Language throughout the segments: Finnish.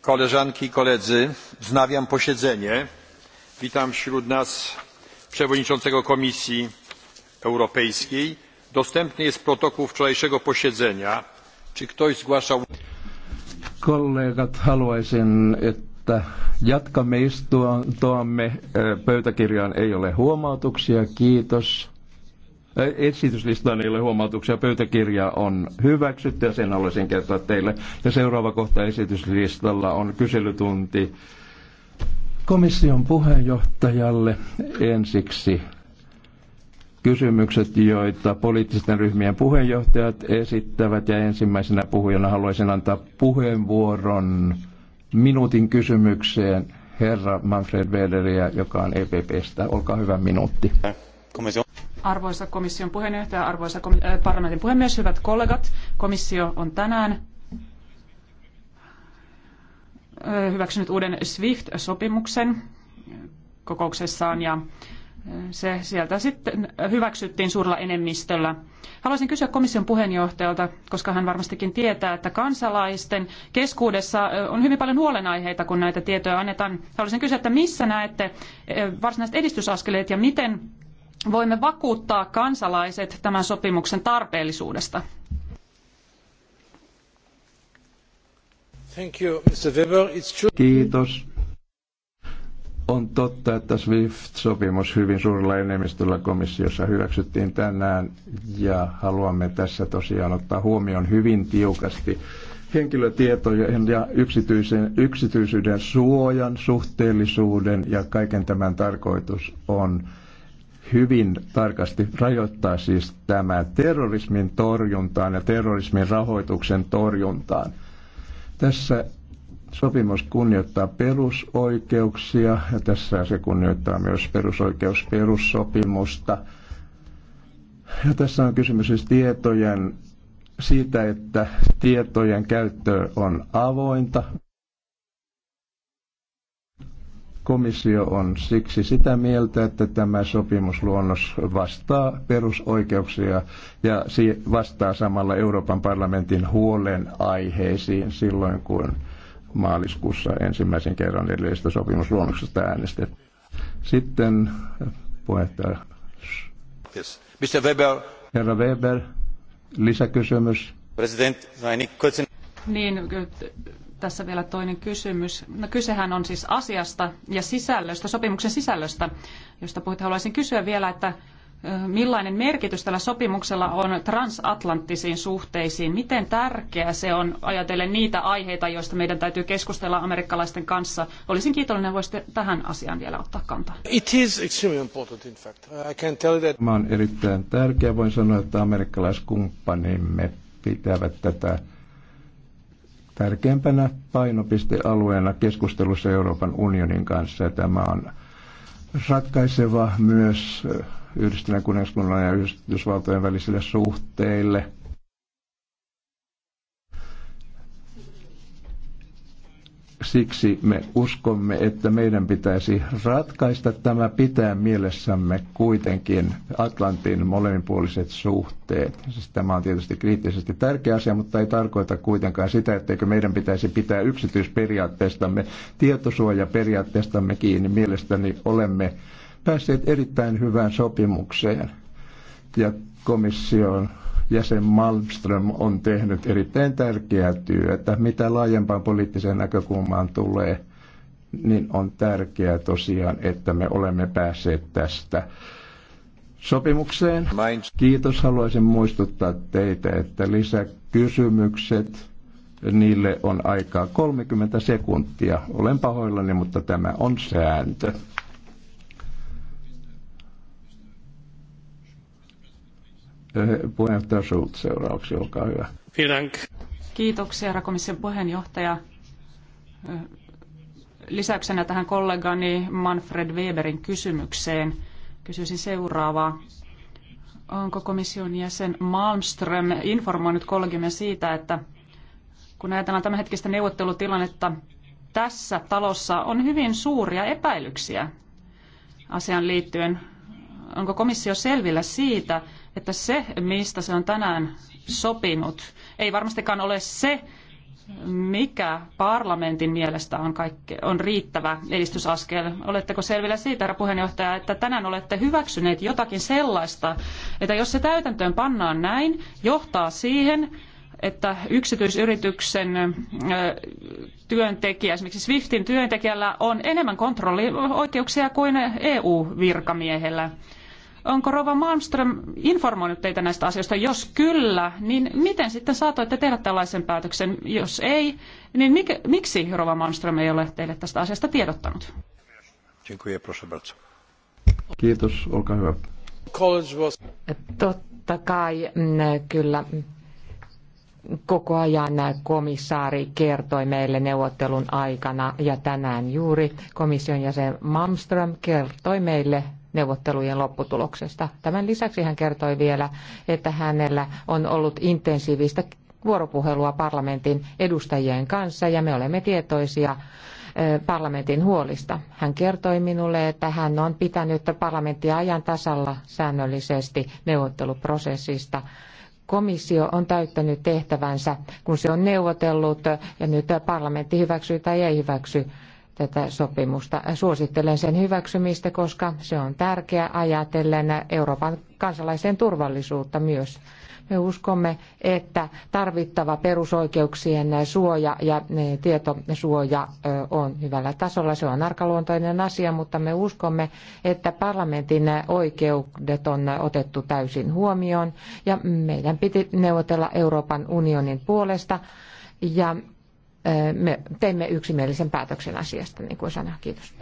koleżanki i koledzy wznawiam posiedzenie. witam wśród nas przewodniczącego komisji europejskiej. dostępny jest protokół wczorajszego posiedzenia. czy ktoś zgłaszał kollegat haluaisin että jatkamme istuntoamme e, pöytäkirjaan ei ole huomautuksia kiitos Esityslistaan ei ole huomautuksia. Pöytäkirja on hyväksytty ja sen haluaisin kertoa teille. Ja seuraava kohta esityslistalla on kyselytunti komission puheenjohtajalle ensiksi kysymykset, joita poliittisten ryhmien puheenjohtajat esittävät. Ja ensimmäisenä puhujana haluaisin antaa puheenvuoron minuutin kysymykseen herra Manfred Wederiä, joka on EPPstä. Olkaa hyvä minuutti. Komissio. Arvoisa komission puheenjohtaja, arvoisa äh, parlamentin puhemies, hyvät kollegat, komissio on tänään äh, hyväksynyt uuden SWIFT-sopimuksen kokouksessaan ja äh, se sieltä sitten hyväksyttiin suurella enemmistöllä. Haluaisin kysyä komission puheenjohtajalta, koska hän varmastikin tietää, että kansalaisten keskuudessa on hyvin paljon huolenaiheita, kun näitä tietoja annetaan. Haluaisin kysyä, että missä näette varsinaiset edistysaskeleet ja miten voimme vakuuttaa kansalaiset tämän sopimuksen tarpeellisuudesta. Kiitos. On totta, että SWIFT-sopimus hyvin suurella enemmistöllä komissiossa hyväksyttiin tänään ja haluamme tässä tosiaan ottaa huomioon hyvin tiukasti henkilötietojen ja yksityisen, yksityisyyden suojan, suhteellisuuden ja kaiken tämän tarkoitus on hyvin tarkasti rajoittaa siis tämä terrorismin torjuntaan ja terrorismin rahoituksen torjuntaan. Tässä sopimus kunnioittaa perusoikeuksia ja tässä se kunnioittaa myös perusoikeusperussopimusta. Ja tässä on kysymys siis tietojen siitä, että tietojen käyttö on avointa. Komissio on siksi sitä mieltä, että tämä sopimusluonnos vastaa perusoikeuksia ja vastaa samalla Euroopan parlamentin huolen aiheisiin silloin, kun maaliskuussa ensimmäisen kerran edellisestä sopimusluonnoksesta äänestettiin. Sitten puheenjohtaja. Yes. Mr. Weber. Herra Weber, lisäkysymys. President, niin, tässä vielä toinen kysymys. No, kysehän on siis asiasta ja sisällöstä, sopimuksen sisällöstä, josta puhuit. Haluaisin kysyä vielä, että millainen merkitys tällä sopimuksella on transatlanttisiin suhteisiin? Miten tärkeä se on ajatellen niitä aiheita, joista meidän täytyy keskustella amerikkalaisten kanssa? Olisin kiitollinen, voisitte tähän asiaan vielä ottaa kantaa. It is extremely important in fact. I can tell that... Tämä on erittäin tärkeä. Voin sanoa, että amerikkalaiskumppanimme pitävät tätä tärkeimpänä painopistealueena keskustelussa Euroopan unionin kanssa. Tämä on ratkaiseva myös yhdistyneen kuningaskunnan ja Yhdysvaltojen välisille suhteille – Siksi me uskomme, että meidän pitäisi ratkaista tämä pitää mielessämme kuitenkin Atlantin molemminpuoliset suhteet. Siis tämä on tietysti kriittisesti tärkeä asia, mutta ei tarkoita kuitenkaan sitä, etteikö meidän pitäisi pitää yksityisperiaatteestamme, tietosuojaperiaatteestamme kiinni. Mielestäni olemme päässeet erittäin hyvään sopimukseen ja komission jäsen Malmström on tehnyt erittäin tärkeää työtä. Mitä laajempaan poliittiseen näkökulmaan tulee, niin on tärkeää tosiaan, että me olemme päässeet tästä sopimukseen. Kiitos. Haluaisin muistuttaa teitä, että lisäkysymykset, niille on aikaa 30 sekuntia. Olen pahoillani, mutta tämä on sääntö. Eh, puheenjohtaja Schulz seuraavaksi, olkaa hyvä. Kiitoksia, herra komission puheenjohtaja. Eh, lisäyksenä tähän kollegani Manfred Weberin kysymykseen kysyisin seuraavaa. Onko komission jäsen Malmström informoinut kollegimme siitä, että kun ajatellaan tämänhetkistä neuvottelutilannetta, tässä talossa on hyvin suuria epäilyksiä asiaan liittyen. Onko komissio selvillä siitä, että se, mistä se on tänään sopinut, ei varmastikaan ole se, mikä parlamentin mielestä on, kaikke, on riittävä edistysaskel? Oletteko selvillä siitä, herra puheenjohtaja, että tänään olette hyväksyneet jotakin sellaista, että jos se täytäntöön pannaan näin, johtaa siihen, että yksityisyrityksen työntekijä, esimerkiksi Swiftin työntekijällä on enemmän kontrollioikeuksia kuin EU-virkamiehellä. Onko Rova Malmström informoinut teitä näistä asioista? Jos kyllä, niin miten sitten saatoitte tehdä tällaisen päätöksen? Jos ei, niin miksi Rova Malmström ei ole teille tästä asiasta tiedottanut? Kiitos, olkaa hyvä. Totta kai, mm, kyllä koko ajan komissaari kertoi meille neuvottelun aikana ja tänään juuri komission jäsen Malmström kertoi meille neuvottelujen lopputuloksesta. Tämän lisäksi hän kertoi vielä, että hänellä on ollut intensiivistä vuoropuhelua parlamentin edustajien kanssa ja me olemme tietoisia parlamentin huolista. Hän kertoi minulle, että hän on pitänyt parlamenttia ajan tasalla säännöllisesti neuvotteluprosessista. Komissio on täyttänyt tehtävänsä, kun se on neuvotellut ja nyt parlamentti hyväksyy tai ei hyväksy tätä sopimusta. Suosittelen sen hyväksymistä, koska se on tärkeä ajatellen Euroopan kansalaisten turvallisuutta myös. Me uskomme, että tarvittava perusoikeuksien suoja ja eh, tietosuoja on hyvällä tasolla. Se on arkaluontoinen asia, mutta me uskomme, että parlamentin oikeudet on otettu täysin huomioon ja meidän piti neuvotella Euroopan unionin puolesta ja me teimme yksimielisen päätöksen asiasta, niin kuin sanoin. Kiitos.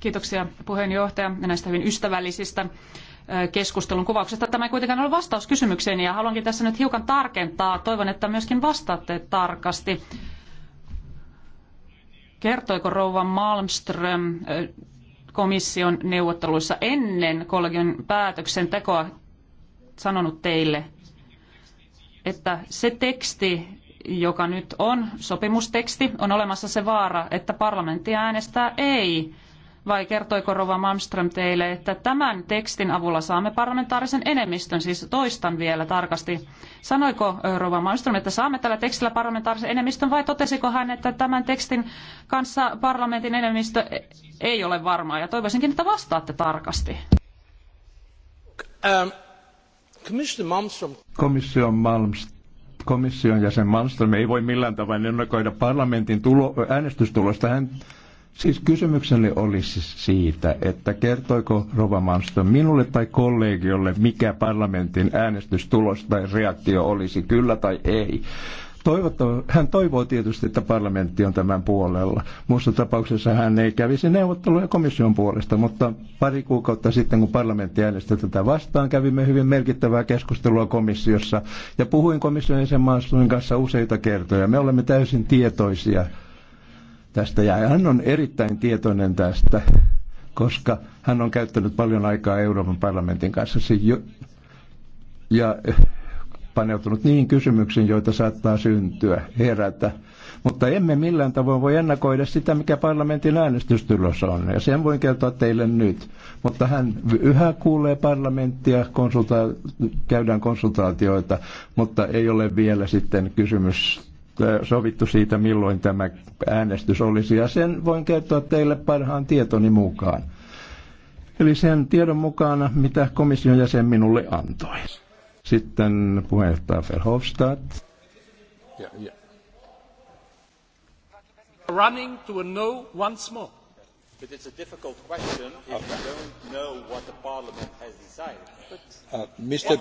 Kiitoksia puheenjohtaja näistä hyvin ystävällisistä keskustelun kuvauksesta. Tämä ei kuitenkaan ole vastaus kysymykseen ja haluankin tässä nyt hiukan tarkentaa. Toivon, että myöskin vastaatte tarkasti. Kertoiko rouva Malmström komission neuvotteluissa ennen kollegion päätöksen tekoa sanonut teille, että se teksti, joka nyt on sopimusteksti, on olemassa se vaara, että parlamentti äänestää ei. Vai kertoiko Rova Malmström teille, että tämän tekstin avulla saamme parlamentaarisen enemmistön, siis toistan vielä tarkasti. Sanoiko Rova Malmström, että saamme tällä tekstillä parlamentaarisen enemmistön vai totesiko hän, että tämän tekstin kanssa parlamentin enemmistö e- ei ole varmaa? Ja toivoisinkin, että vastaatte tarkasti. Um, Komissio Malmström komission jäsen Malmström ei voi millään tavoin ennakoida parlamentin tulo, äänestystulosta. Hän, siis kysymykseni olisi siis siitä, että kertoiko Rova Malmström minulle tai kollegiolle, mikä parlamentin äänestystulos tai reaktio olisi, kyllä tai ei hän toivoo tietysti, että parlamentti on tämän puolella. Muussa tapauksessa hän ei kävisi neuvotteluja komission puolesta, mutta pari kuukautta sitten, kun parlamentti äänesti tätä vastaan, kävimme hyvin merkittävää keskustelua komissiossa ja puhuin komission jäsenmaastuin kanssa useita kertoja. Me olemme täysin tietoisia tästä ja hän on erittäin tietoinen tästä, koska hän on käyttänyt paljon aikaa Euroopan parlamentin kanssa. ja paneutunut niihin kysymyksiin, joita saattaa syntyä, herätä. Mutta emme millään tavoin voi ennakoida sitä, mikä parlamentin äänestystulos on. Ja sen voin kertoa teille nyt. Mutta hän yhä kuulee parlamenttia, konsulta- käydään konsultaatioita, mutta ei ole vielä sitten kysymys äh, sovittu siitä, milloin tämä äänestys olisi. Ja sen voin kertoa teille parhaan tietoni mukaan. Eli sen tiedon mukana, mitä komission jäsen minulle antoi. Sitten puheenjohtaja Verhofstadt. Yeah, yeah. Running to a no once more. But it's a difficult question if okay. you don't know what the parliament has decided. But uh, Mr.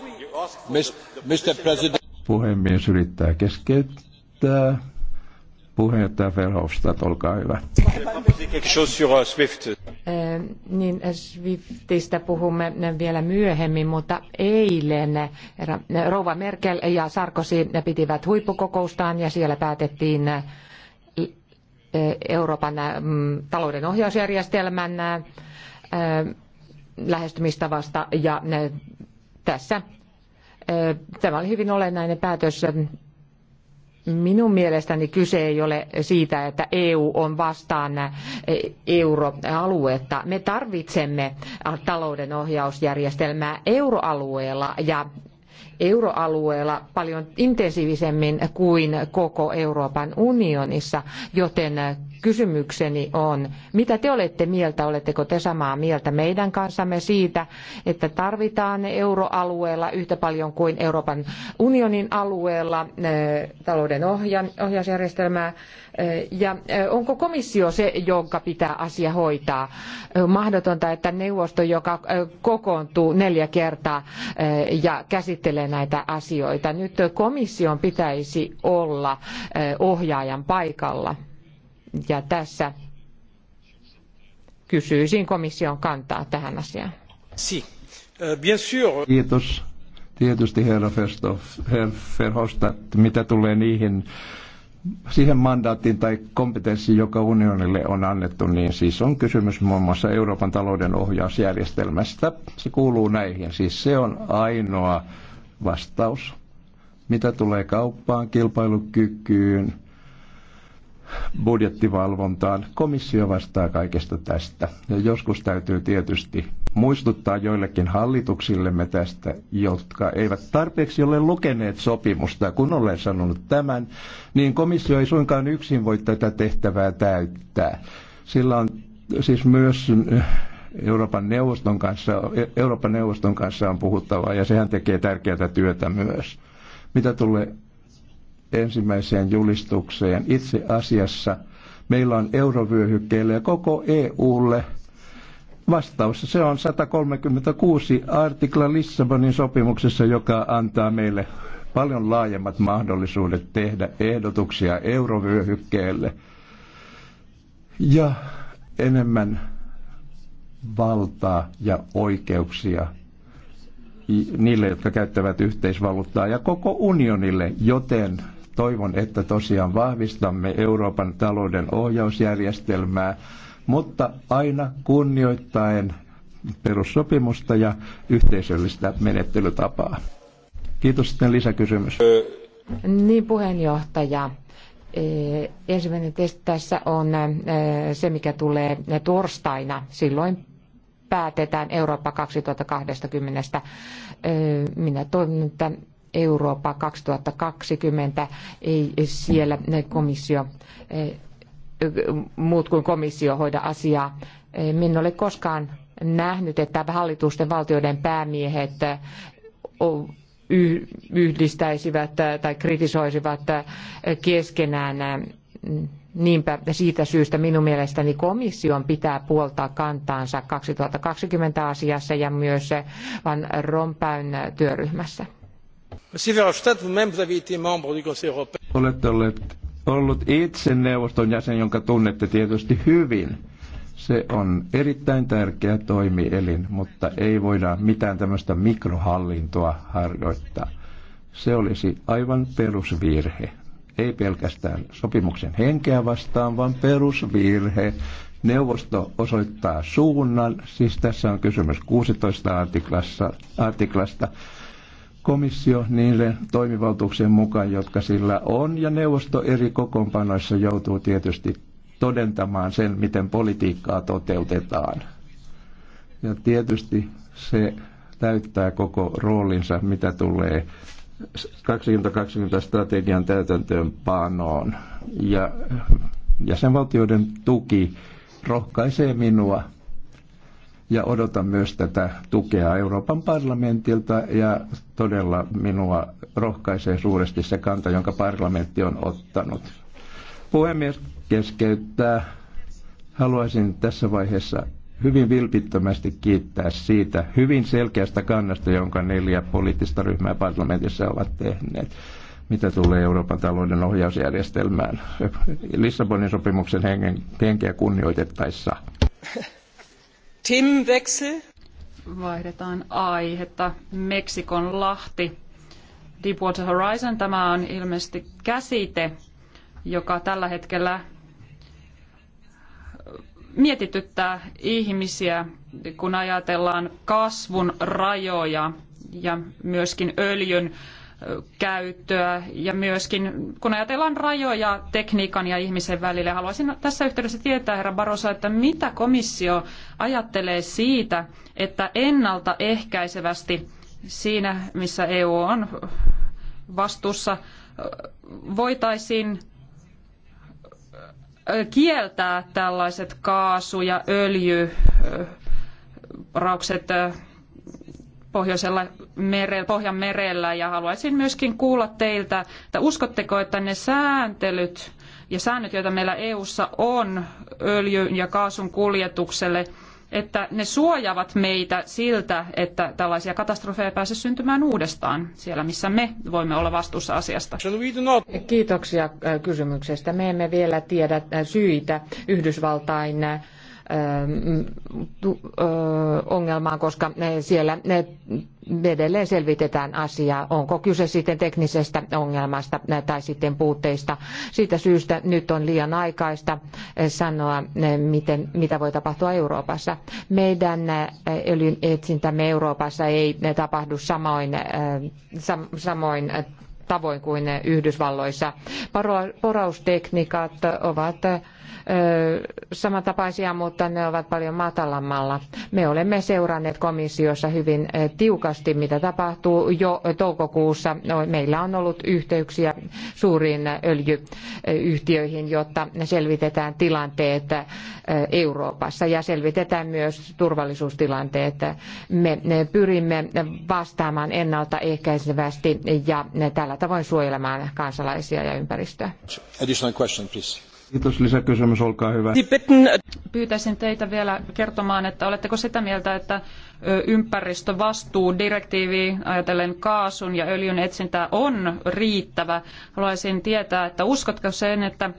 Mr. The, the Mr. President. Puhemies yrittää keskeyttää. Puheenjohtaja Verhofstadt, olkaa hyvä. Äh, niin Swiftistä puhumme vielä myöhemmin, mutta eilen äh, rouva Merkel ja Sarkozy pitivät huippukokoustaan ja siellä päätettiin äh, Euroopan mm, talouden ohjausjärjestelmän lähestymistavasta ja tässä Tämä oli hyvin olennainen päätös Minun mielestäni kyse ei ole siitä, että EU on vastaan euroaluetta. Me tarvitsemme talouden ohjausjärjestelmää euroalueella ja euroalueella paljon intensiivisemmin kuin koko Euroopan unionissa, joten kysymykseni on, mitä te olette mieltä, oletteko te samaa mieltä meidän kanssamme siitä, että tarvitaan euroalueella yhtä paljon kuin Euroopan unionin alueella eh, talouden ohjausjärjestelmää, ja onko komissio se, jonka pitää asia hoitaa? On mahdotonta, että neuvosto, joka kokoontuu neljä kertaa ja käsittelee näitä asioita. Nyt komission pitäisi olla ohjaajan paikalla. Ja tässä kysyisin komission kantaa tähän asiaan. Si. Bien sûr. Kiitos. Tietysti herra Verhofstadt, mitä tulee niihin siihen mandaattiin tai kompetenssiin, joka unionille on annettu, niin siis on kysymys muun muassa Euroopan talouden ohjausjärjestelmästä. Se kuuluu näihin. Siis se on ainoa vastaus, mitä tulee kauppaan, kilpailukykyyn, budjettivalvontaan. Komissio vastaa kaikesta tästä. Ja joskus täytyy tietysti muistuttaa joillekin hallituksillemme tästä, jotka eivät tarpeeksi ole lukeneet sopimusta. Kun olen sanonut tämän, niin komissio ei suinkaan yksin voi tätä tehtävää täyttää. Sillä on siis myös eh, Euroopan neuvoston kanssa, eh, Euroopan neuvoston kanssa on puhuttavaa ja sehän tekee tärkeää työtä myös. Mitä tulee ensimmäiseen julistukseen, itse asiassa meillä on eurovyöhykkeelle ja koko EUlle – Vastaus se on 136 artikla Lissabonin sopimuksessa, joka antaa meille paljon laajemmat mahdollisuudet tehdä ehdotuksia eurovyöhykkeelle ja enemmän valtaa ja oikeuksia niille, jotka käyttävät yhteisvaluuttaa ja koko unionille, joten toivon, että tosiaan vahvistamme Euroopan talouden ohjausjärjestelmää mutta aina kunnioittaen perussopimusta ja yhteisöllistä menettelytapaa. Kiitos sitten lisäkysymys. Niin puheenjohtaja. Eh, ensimmäinen testi tässä on eh, se, mikä tulee torstaina. Silloin päätetään Eurooppa 2020. Eh, minä toivon, että Eurooppa 2020 ei siellä komissio muut kuin komissio hoida asiaa. Minä ole koskaan nähnyt, että hallitusten valtioiden päämiehet yhdistäisivät tai kritisoisivat keskenään. Niinpä siitä syystä minun mielestäni komission pitää puoltaa kantaansa 2020 asiassa ja myös Van Rompäyn työryhmässä. Olette olleet ollut itse neuvoston jäsen, jonka tunnette tietysti hyvin. Se on erittäin tärkeä toimielin, mutta ei voida mitään tämmöistä mikrohallintoa harjoittaa. Se olisi aivan perusvirhe. Ei pelkästään sopimuksen henkeä vastaan, vaan perusvirhe. Neuvosto osoittaa suunnan, siis tässä on kysymys 16 artiklassa, artiklasta komissio niille toimivaltuuksien mukaan, jotka sillä on, ja neuvosto eri kokoonpanoissa joutuu tietysti todentamaan sen, miten politiikkaa toteutetaan. Ja tietysti se täyttää koko roolinsa, mitä tulee 2020 strategian täytäntöönpanoon. Ja jäsenvaltioiden tuki rohkaisee minua ja odotan myös tätä tukea Euroopan parlamentilta ja todella minua rohkaisee suuresti se kanta, jonka parlamentti on ottanut. Puhemies keskeyttää. Haluaisin tässä vaiheessa hyvin vilpittömästi kiittää siitä hyvin selkeästä kannasta, jonka neljä poliittista ryhmää parlamentissa ovat tehneet mitä tulee Euroopan talouden ohjausjärjestelmään. Lissabonin sopimuksen hengen, henkeä kunnioitettaessa. Themenwechsel. Vaihdetaan aihetta. Meksikon lahti. Deepwater Horizon, tämä on ilmeisesti käsite, joka tällä hetkellä äh, mietityttää ihmisiä, kun ajatellaan kasvun rajoja ja myöskin öljyn käyttöä ja myöskin kun ajatellaan rajoja tekniikan ja ihmisen välillä. Haluaisin tässä yhteydessä tietää, herra Barosa, että mitä komissio ajattelee siitä, että ennaltaehkäisevästi siinä, missä EU on vastuussa, voitaisiin kieltää tällaiset kaasu- ja öljyporaukset Pohjoisella merellä, Pohjan merellä ja haluaisin myöskin kuulla teiltä, että uskotteko, että ne sääntelyt ja säännöt, joita meillä EU:ssa on öljyn ja kaasun kuljetukselle, että ne suojaavat meitä siltä, että tällaisia katastrofeja pääse syntymään uudestaan siellä, missä me voimme olla vastuussa asiasta. Kiitoksia äh, kysymyksestä. Me emme vielä tiedä äh, syitä Yhdysvaltain äh, Ähm, ongelmaan, koska eh, siellä eh, edelleen selvitetään asiaa, onko kyse sitten teknisestä ongelmasta eh, tai sitten puutteista. Siitä syystä nyt on liian aikaista sanoa, miten, mitä voi tapahtua Euroopassa. Meidän öljyn etsintämme Euroopassa ei tapahdu samoin, samoin tavoin kuin Yhdysvalloissa. Poraustekniikat ovat samantapaisia, mutta ne ovat paljon matalammalla. Me olemme seuranneet komissiossa hyvin tiukasti, mitä tapahtuu jo toukokuussa. No, meillä on ollut yhteyksiä suuriin öljyyhtiöihin, jotta selvitetään tilanteet Euroopassa ja selvitetään myös turvallisuustilanteet. Me pyrimme vastaamaan ennaltaehkäisevästi ja tällä tavoin suojelemaan kansalaisia ja ympäristöä. Additional question, please. Kiitos. Lisäkysymys, olkaa hyvä. Äh, Pyytäisin teitä vielä kertomaan, että oletteko sitä mieltä, että ympäristövastuudirektiivi ajatellen kaasun ja öljyn etsintää on riittävä. Haluaisin tietää, että uskotko sen, että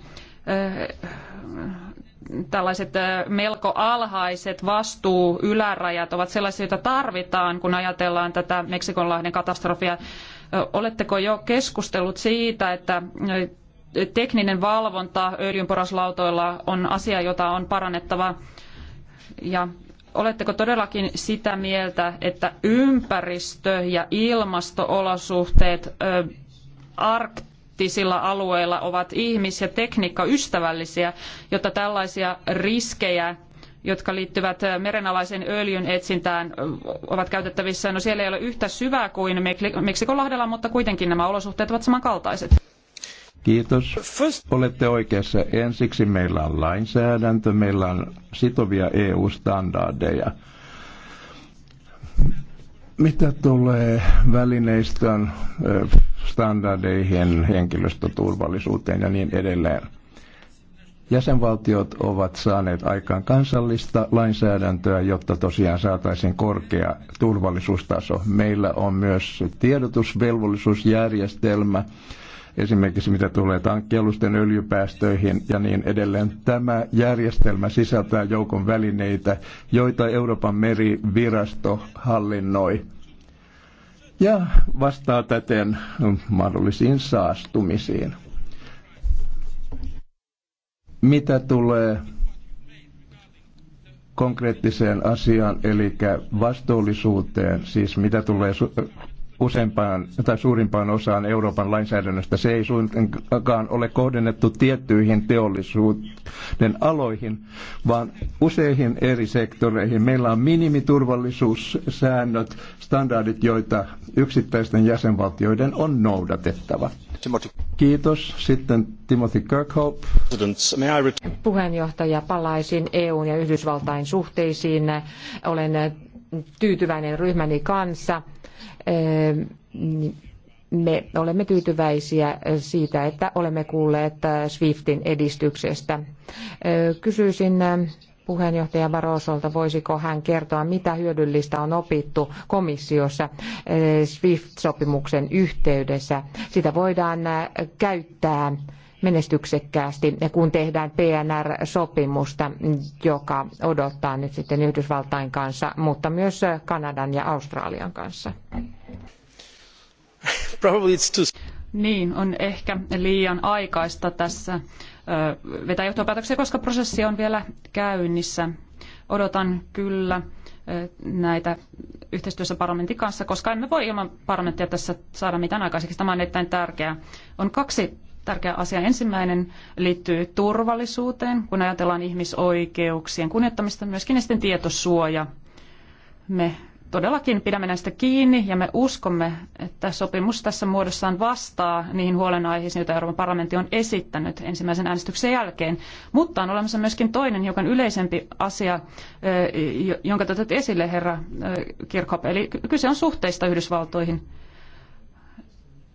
tällaiset melko alhaiset vastuuylärajat ovat sellaisia, joita tarvitaan, kun ajatellaan tätä Meksikonlahden katastrofia. Oletteko jo keskustellut siitä, että tekninen valvonta öljynporauslautoilla on asia, jota on parannettava. Ja oletteko todellakin sitä mieltä, että ympäristö- ja ilmastoolosuhteet arktisilla alueilla ovat ihmis- ja tekniikkaystävällisiä, jotta tällaisia riskejä jotka liittyvät merenalaisen öljyn etsintään, ovat käytettävissä. No siellä ei ole yhtä syvää kuin Meksikonlahdella, mutta kuitenkin nämä olosuhteet ovat samankaltaiset. Kiitos. Olette oikeassa. Ensiksi meillä on lainsäädäntö, meillä on sitovia EU-standardeja. Mitä tulee välineistön standardeihin, henkilöstöturvallisuuteen ja niin edelleen? Jäsenvaltiot ovat saaneet aikaan kansallista lainsäädäntöä, jotta tosiaan saataisiin korkea turvallisuustaso. Meillä on myös tiedotusvelvollisuusjärjestelmä, esimerkiksi mitä tulee tankkialusten öljypäästöihin ja niin edelleen. Tämä järjestelmä sisältää joukon välineitä, joita Euroopan merivirasto hallinnoi ja vastaa täten mahdollisiin saastumisiin. Mitä tulee konkreettiseen asiaan, eli vastuullisuuteen, siis mitä tulee useimpaan tai suurimpaan osaan Euroopan lainsäädännöstä. Se ei suinkaan ole kohdennettu tiettyihin teollisuuden aloihin, vaan useihin eri sektoreihin. Meillä on minimiturvallisuussäännöt, standardit, joita yksittäisten jäsenvaltioiden on noudatettava. Timothy. Kiitos. Sitten Timothy Kirkhope. Puheenjohtaja, palaisin EUn ja Yhdysvaltain suhteisiin. Olen tyytyväinen ryhmäni kanssa Ehm, me olemme tyytyväisiä eh, siitä, että olemme kuulleet eh, SWIFTin edistyksestä. Eh, kysyisin puheenjohtaja Barosolta, voisiko hän kertoa, mitä hyödyllistä on opittu komissiossa SWIFT-sopimuksen yhteydessä. Sitä voidaan käyttää menestyksekkäästi, kun tehdään PNR-sopimusta, joka odottaa nyt sitten Yhdysvaltain kanssa, mutta myös Kanadan ja Australian kanssa. Niin, on ehkä liian aikaista tässä vetää johtopäätöksiä, koska prosessi on vielä käynnissä. Odotan kyllä näitä yhteistyössä parlamentin kanssa, koska emme voi ilman parlamenttia tässä saada mitään aikaiseksi. Tämä on erittäin tärkeää. On kaksi tärkeä asia. Ensimmäinen liittyy turvallisuuteen, kun ajatellaan ihmisoikeuksien kunnioittamista, myöskin sitten tietosuoja. Me todellakin pidämme näistä kiinni ja me uskomme, että sopimus tässä muodossaan vastaa niihin huolenaiheisiin, joita Euroopan parlamentti on esittänyt ensimmäisen äänestyksen jälkeen. Mutta on olemassa myöskin toinen, hiukan yleisempi asia, jonka te esille, herra Kirchhoff. Eli kyse on suhteista Yhdysvaltoihin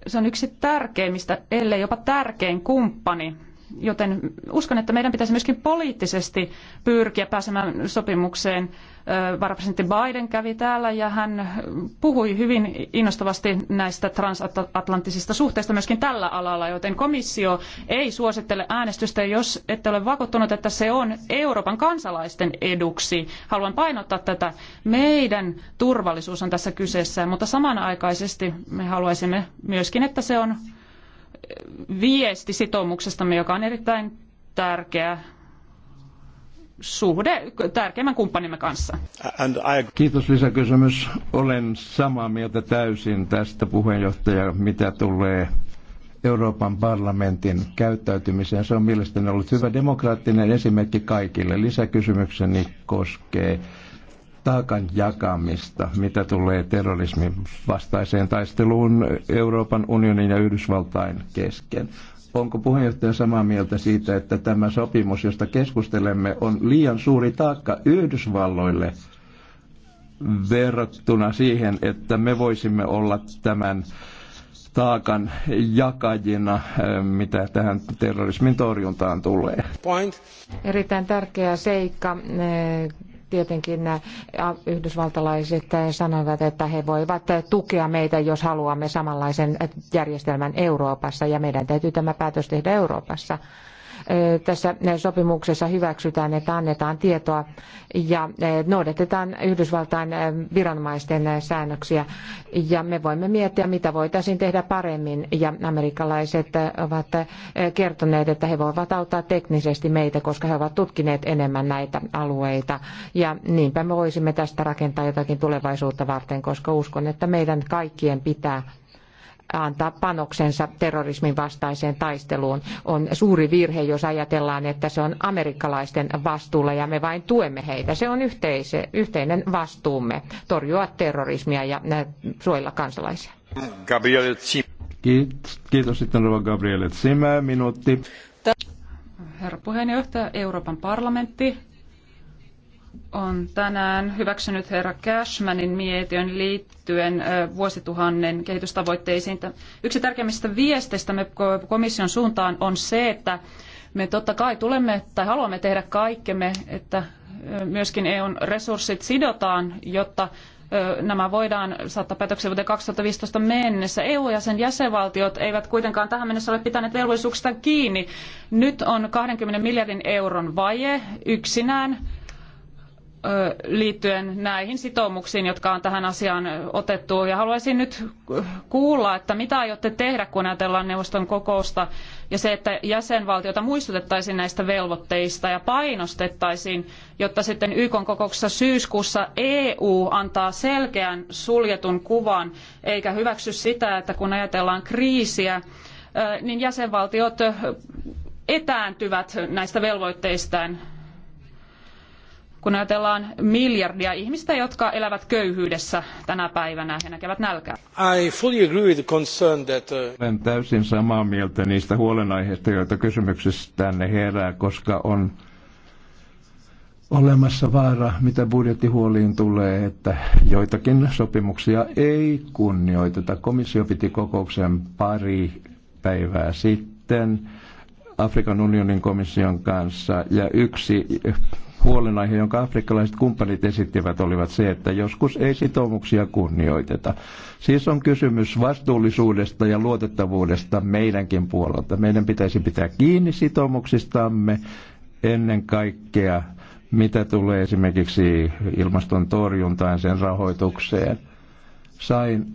se on yksi tärkeimmistä, ellei jopa tärkein kumppani. Joten uskon, että meidän pitäisi myöskin poliittisesti pyrkiä pääsemään sopimukseen varapresidentti Biden kävi täällä ja hän puhui hyvin innostavasti näistä transatlanttisista suhteista myöskin tällä alalla, joten komissio ei suosittele äänestystä, jos ette ole vakuuttunut, että se on Euroopan kansalaisten eduksi. Haluan painottaa tätä. Meidän turvallisuus on tässä kyseessä, mutta samanaikaisesti me haluaisimme myöskin, että se on viesti sitoumuksestamme, joka on erittäin tärkeä suhde tärkeimmän kumppanimme kanssa. Kiitos lisäkysymys. Olen samaa mieltä täysin tästä puheenjohtaja, mitä tulee Euroopan parlamentin käyttäytymiseen. Se on mielestäni ollut hyvä demokraattinen esimerkki kaikille. Lisäkysymykseni koskee taakan jakamista, mitä tulee terrorismin vastaiseen taisteluun Euroopan unionin ja Yhdysvaltain kesken. Onko puheenjohtaja samaa mieltä siitä, että tämä sopimus, josta keskustelemme, on liian suuri taakka Yhdysvalloille verrattuna siihen, että me voisimme olla tämän taakan jakajina, eh, mitä tähän terrorismin torjuntaan tulee. Point. Erittäin tärkeä seikka eh, tietenkin yhdysvaltalaiset sanoivat, että he voivat tukea meitä, jos haluamme samanlaisen järjestelmän Euroopassa, ja meidän täytyy tämä päätös tehdä Euroopassa tässä sopimuksessa hyväksytään, että annetaan tietoa ja noudatetaan Yhdysvaltain viranomaisten säännöksiä. Ja me voimme miettiä, mitä voitaisiin tehdä paremmin. Ja amerikkalaiset ovat kertoneet, että he voivat auttaa teknisesti meitä, koska he ovat tutkineet enemmän näitä alueita. Ja niinpä me voisimme tästä rakentaa jotakin tulevaisuutta varten, koska uskon, että meidän kaikkien pitää antaa panoksensa terrorismin vastaiseen taisteluun. On suuri virhe, jos ajatellaan, että se on amerikkalaisten vastuulla ja me vain tuemme heitä. Se on yhteise, yhteinen vastuumme torjua terrorismia ja äh, suojella kansalaisia. Gabriel Kiitos, kiitos sitten Rova Gabriele Zimmer, minuutti. Herra puheenjohtaja, Euroopan parlamentti on tänään hyväksynyt herra Cashmanin mietön liittyen vuosituhannen kehitystavoitteisiin. Yksi tärkeimmistä viesteistä komission suuntaan on se, että me totta kai tulemme tai haluamme tehdä kaikkemme, että myöskin EUn resurssit sidotaan, jotta nämä voidaan saattaa päätökseen vuoteen 2015 mennessä. EU ja sen jäsenvaltiot eivät kuitenkaan tähän mennessä ole pitäneet velvollisuuksistaan kiinni. Nyt on 20 miljardin euron vaje yksinään liittyen näihin sitoumuksiin, jotka on tähän asiaan otettu. Ja haluaisin nyt kuulla, että mitä aiotte tehdä, kun ajatellaan neuvoston kokousta ja se, että jäsenvaltiota muistutettaisiin näistä velvoitteista ja painostettaisiin, jotta sitten YK kokouksessa syyskuussa EU antaa selkeän suljetun kuvan, eikä hyväksy sitä, että kun ajatellaan kriisiä, niin jäsenvaltiot etääntyvät näistä velvoitteistaan kun ajatellaan miljardia ihmistä, jotka elävät köyhyydessä tänä päivänä ja näkevät nälkää. I fully agree with the concern that, uh... Olen täysin samaa mieltä niistä huolenaiheista, joita kysymyksessä tänne herää, koska on olemassa vaara, mitä budjettihuoliin tulee, että joitakin sopimuksia ei kunnioiteta. Komissio piti kokouksen pari päivää sitten Afrikan unionin komission kanssa ja yksi huolenaihe, jonka afrikkalaiset kumppanit esittivät, olivat se, että joskus ei sitoumuksia kunnioiteta. Siis on kysymys vastuullisuudesta ja luotettavuudesta meidänkin puolelta. Meidän pitäisi pitää kiinni sitoumuksistamme ennen kaikkea, mitä tulee esimerkiksi ilmaston torjuntaan sen rahoitukseen. Sain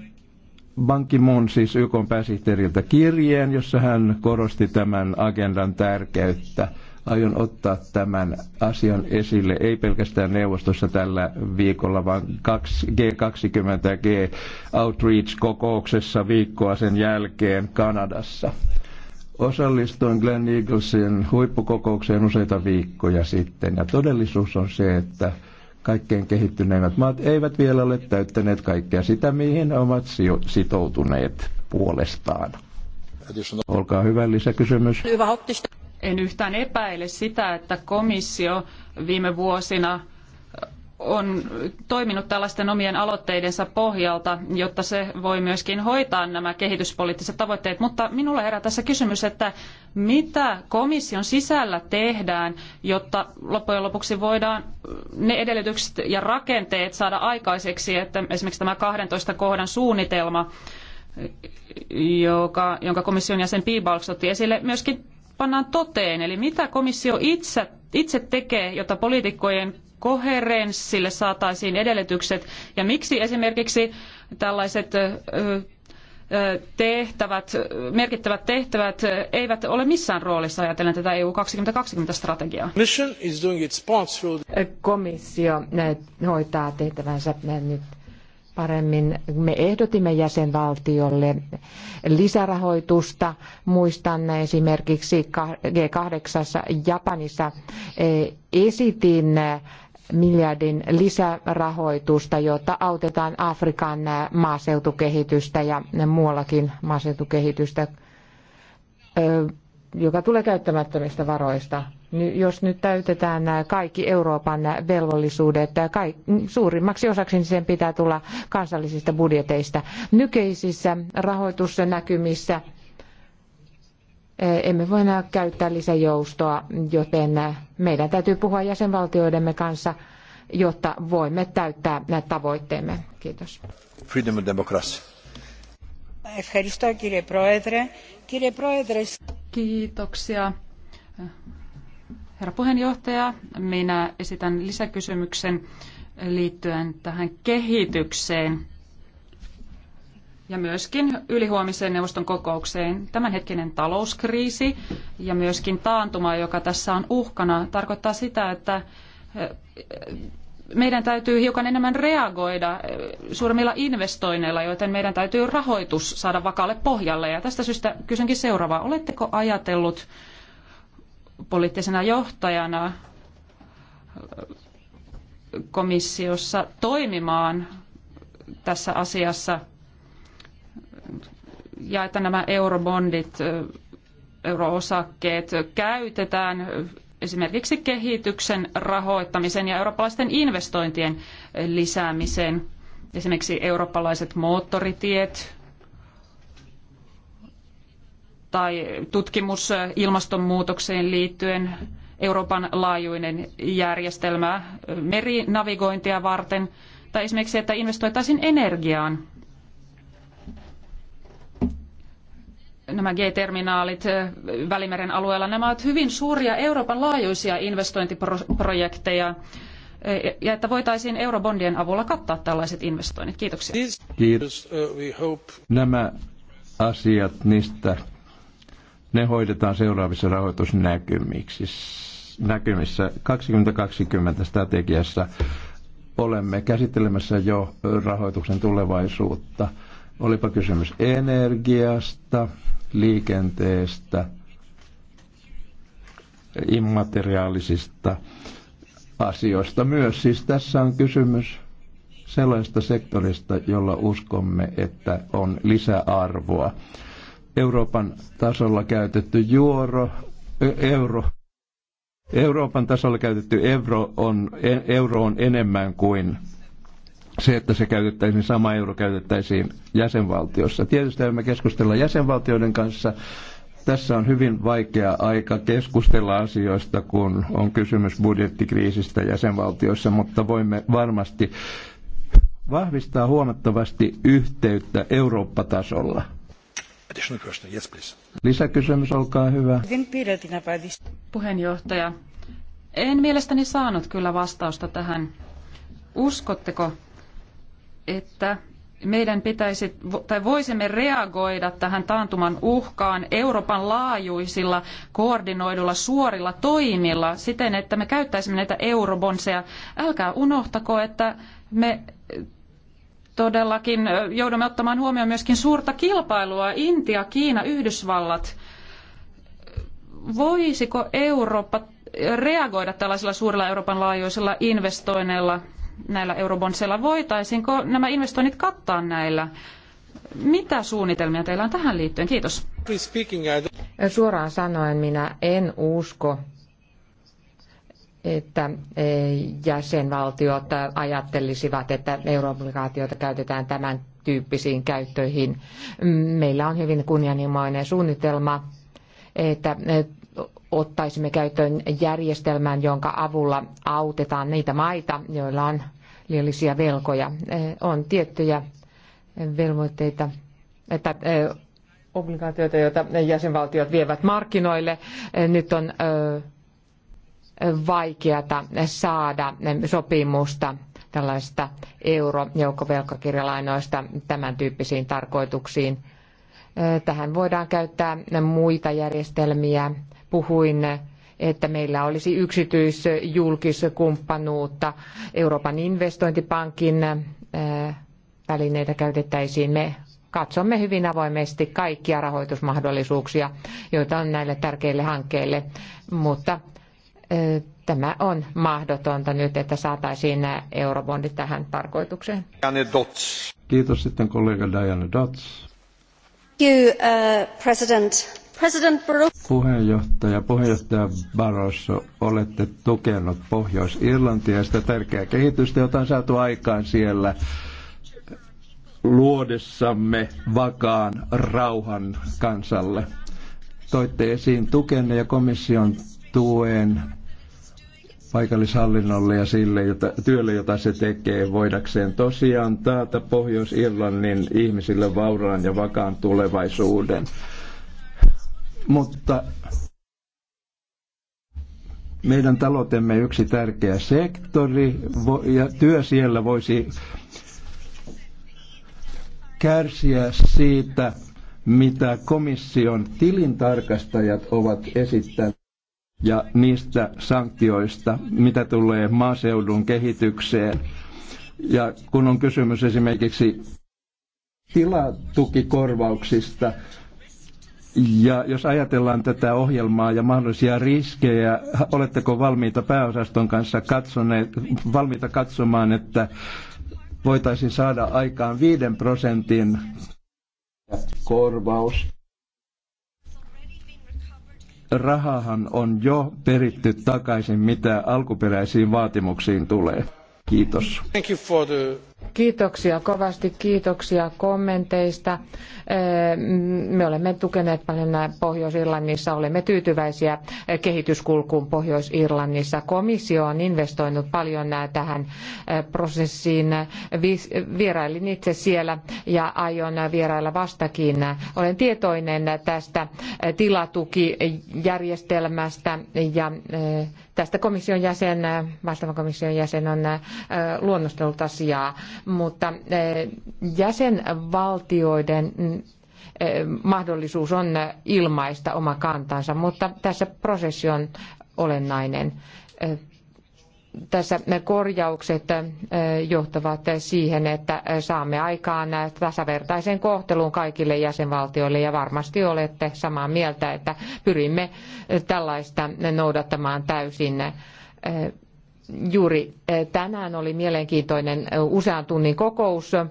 Ban Ki-moon, siis YK pääsihteeriltä kirjeen, jossa hän korosti tämän agendan tärkeyttä – aion ottaa tämän asian esille, ei pelkästään neuvostossa tällä viikolla, vaan G20 G Outreach-kokouksessa viikkoa sen jälkeen Kanadassa. Osallistuin Glenn Eaglesin huippukokoukseen useita viikkoja sitten, ja todellisuus on se, että kaikkein kehittyneimmät maat eivät vielä ole täyttäneet kaikkea sitä, mihin ovat sitoutuneet puolestaan. Olkaa hyvä lisäkysymys. En yhtään epäile sitä, että komissio viime vuosina on toiminut tällaisten omien aloitteidensa pohjalta, jotta se voi myöskin hoitaa nämä kehityspoliittiset tavoitteet. Mutta minulla herää tässä kysymys, että mitä komission sisällä tehdään, jotta loppujen lopuksi voidaan ne edellytykset ja rakenteet saada aikaiseksi, että esimerkiksi tämä 12 kohdan suunnitelma, joka, jonka komission jäsen Piibalks otti esille, myöskin pannaan toteen? Eli mitä komissio itse, itse tekee, jotta poliitikkojen koherenssille saataisiin edellytykset? Ja miksi esimerkiksi tällaiset tehtävät, merkittävät tehtävät eivät ole missään roolissa ajatellen tätä EU 2020-strategiaa. Komissio hoitaa tehtävänsä nyt paremmin. Me ehdotimme jäsenvaltiolle lisärahoitusta. Muistan esimerkiksi G8 Japanissa e, esitin miljardin lisärahoitusta, jotta autetaan Afrikan maaseutukehitystä ja muuallakin maaseutukehitystä, e, joka tulee käyttämättömistä varoista. Niin jos nyt täytetään kaikki Euroopan velvollisuudet suurimmaksi osaksi, niin sen pitää tulla kansallisista budjeteista. Nykyisissä rahoitusnäkymissä eh, emme voi enää käyttää lisäjoustoa, joten eh, meidän täytyy puhua jäsenvaltioidemme kanssa, jotta voimme täyttää nämä tavoitteemme. Kiitos. Freedom and democracy. Kiitoksia Herra puheenjohtaja, minä esitän lisäkysymyksen liittyen tähän kehitykseen ja myöskin ylihuomiseen neuvoston kokoukseen. Tämänhetkinen talouskriisi ja myöskin taantuma, joka tässä on uhkana, tarkoittaa sitä, että eh, meidän täytyy hiukan enemmän reagoida eh, suuremmilla investoinneilla, joten meidän täytyy rahoitus saada vakaalle pohjalle. Ja tästä syystä kysynkin seuraavaa. Oletteko ajatellut poliittisena johtajana komissiossa toimimaan tässä asiassa ja että nämä eurobondit, euroosakkeet käytetään esimerkiksi kehityksen rahoittamiseen ja eurooppalaisten investointien lisäämiseen. Esimerkiksi eurooppalaiset moottoritiet, tai tutkimus ilmastonmuutokseen liittyen Euroopan laajuinen järjestelmä merinavigointia varten tai esimerkiksi, että investoitaisiin energiaan. Nämä G-terminaalit Välimeren alueella, nämä ovat hyvin suuria Euroopan laajuisia investointiprojekteja ja että voitaisiin eurobondien avulla kattaa tällaiset investoinnit. Kiitoksia. Kiitos. Nämä asiat, niistä ne hoidetaan seuraavissa rahoitusnäkymissä. 2020 strategiassa olemme käsittelemässä jo rahoituksen tulevaisuutta. Olipa kysymys energiasta, liikenteestä, immateriaalisista asioista myös. Siis tässä on kysymys sellaista sektorista, jolla uskomme, että on lisäarvoa. Euroopan tasolla käytetty juoro, e, euro, Euroopan tasolla käytetty euro on, e, euro on enemmän kuin se, että se käytettäisiin, sama euro käytettäisiin jäsenvaltiossa. Tietysti me keskustella jäsenvaltioiden kanssa. Tässä on hyvin vaikea aika keskustella asioista, kun on kysymys budjettikriisistä jäsenvaltioissa, mutta voimme varmasti vahvistaa huomattavasti yhteyttä Eurooppa-tasolla. Additional question, yes please. Lisäkysymys, olkaa hyvä. Puheenjohtaja, en mielestäni saanut kyllä vastausta tähän. Uskotteko, että meidän pitäisi tai voisimme reagoida tähän taantuman uhkaan Euroopan laajuisilla koordinoidulla suorilla toimilla siten, että me käyttäisimme näitä eurobonseja. Älkää unohtako, että me todellakin joudumme ottamaan huomioon myöskin suurta kilpailua. Intia, Kiina, Yhdysvallat. Voisiko Eurooppa reagoida tällaisilla suurilla Euroopan laajuisilla investoinneilla, näillä eurobondseilla? Voitaisiinko nämä investoinnit kattaa näillä? Mitä suunnitelmia teillä on tähän liittyen? Kiitos. Suoraan sanoen minä en usko, että e, jäsenvaltiot ajattelisivat, että euroobligaatioita käytetään tämän tyyppisiin käyttöihin. Meillä on hyvin kunnianhimoinen suunnitelma, että e, ottaisimme käyttöön järjestelmän, jonka avulla autetaan niitä maita, joilla on liiallisia velkoja. E, on tiettyjä velvoitteita, että obligaatioita, joita jäsenvaltiot vievät markkinoille. Nyt on vaikeata saada sopimusta tällaista eurojoukkovelkakirjalainoista tämän tyyppisiin tarkoituksiin. Tähän voidaan käyttää muita järjestelmiä. Puhuin, että meillä olisi yksityisjulkiskumppanuutta. Euroopan investointipankin välineitä käytettäisiin. Me katsomme hyvin avoimesti kaikkia rahoitusmahdollisuuksia, joita on näille tärkeille hankkeille, mutta tämä on mahdotonta nyt, että saataisiin nämä eurobondit tähän tarkoitukseen. Dots. Kiitos sitten kollega Diana Dots. You, uh, president. President Barroso. Puheenjohtaja, puheenjohtaja Barroso, olette tukenut Pohjois-Irlantia ja sitä tärkeää kehitystä, jota on saatu aikaan siellä luodessamme vakaan rauhan kansalle. Toitte esiin tukenne ja komission tuen paikallishallinnolle ja sille jota, työlle, jota se tekee, voidakseen tosiaan taata Pohjois-Irlannin ihmisille vauraan ja vakaan tulevaisuuden. Mutta meidän talotemme yksi tärkeä sektori ja työ siellä voisi kärsiä siitä, mitä komission tilintarkastajat ovat esittäneet ja niistä sanktioista, mitä tulee maaseudun kehitykseen. Ja kun on kysymys esimerkiksi tilatukikorvauksista, ja jos ajatellaan tätä ohjelmaa ja mahdollisia riskejä, oletteko valmiita pääosaston kanssa katsoneet, valmiita katsomaan, että voitaisiin saada aikaan 5 prosentin korvaus rahahan on jo peritty takaisin, mitä alkuperäisiin vaatimuksiin tulee. Kiitos. Kiitoksia kovasti, kiitoksia kommenteista. Eh, me olemme tukeneet paljon Pohjois-Irlannissa, olemme tyytyväisiä kehityskulkuun Pohjois-Irlannissa. Komissio on investoinut paljon tähän eh, prosessiin. Vierailin itse siellä ja aion vierailla vastakin. Olen tietoinen tästä eh, tilatukijärjestelmästä ja tästä komission jäsen, vastaavan komission jäsen on luonnostellut asiaa mutta eh, jäsenvaltioiden mm, eh, mahdollisuus on ilmaista oma kantansa, mutta tässä prosessi on olennainen. Eh, tässä korjaukset johtavat siihen, että saamme aikaan tasavertaisen kohtelun kaikille jäsenvaltioille ja varmasti olette samaa mieltä, että pyrimme tällaista noudattamaan täysin Juuri eh, tänään oli mielenkiintoinen eh, usean tunnin kokous. Eh,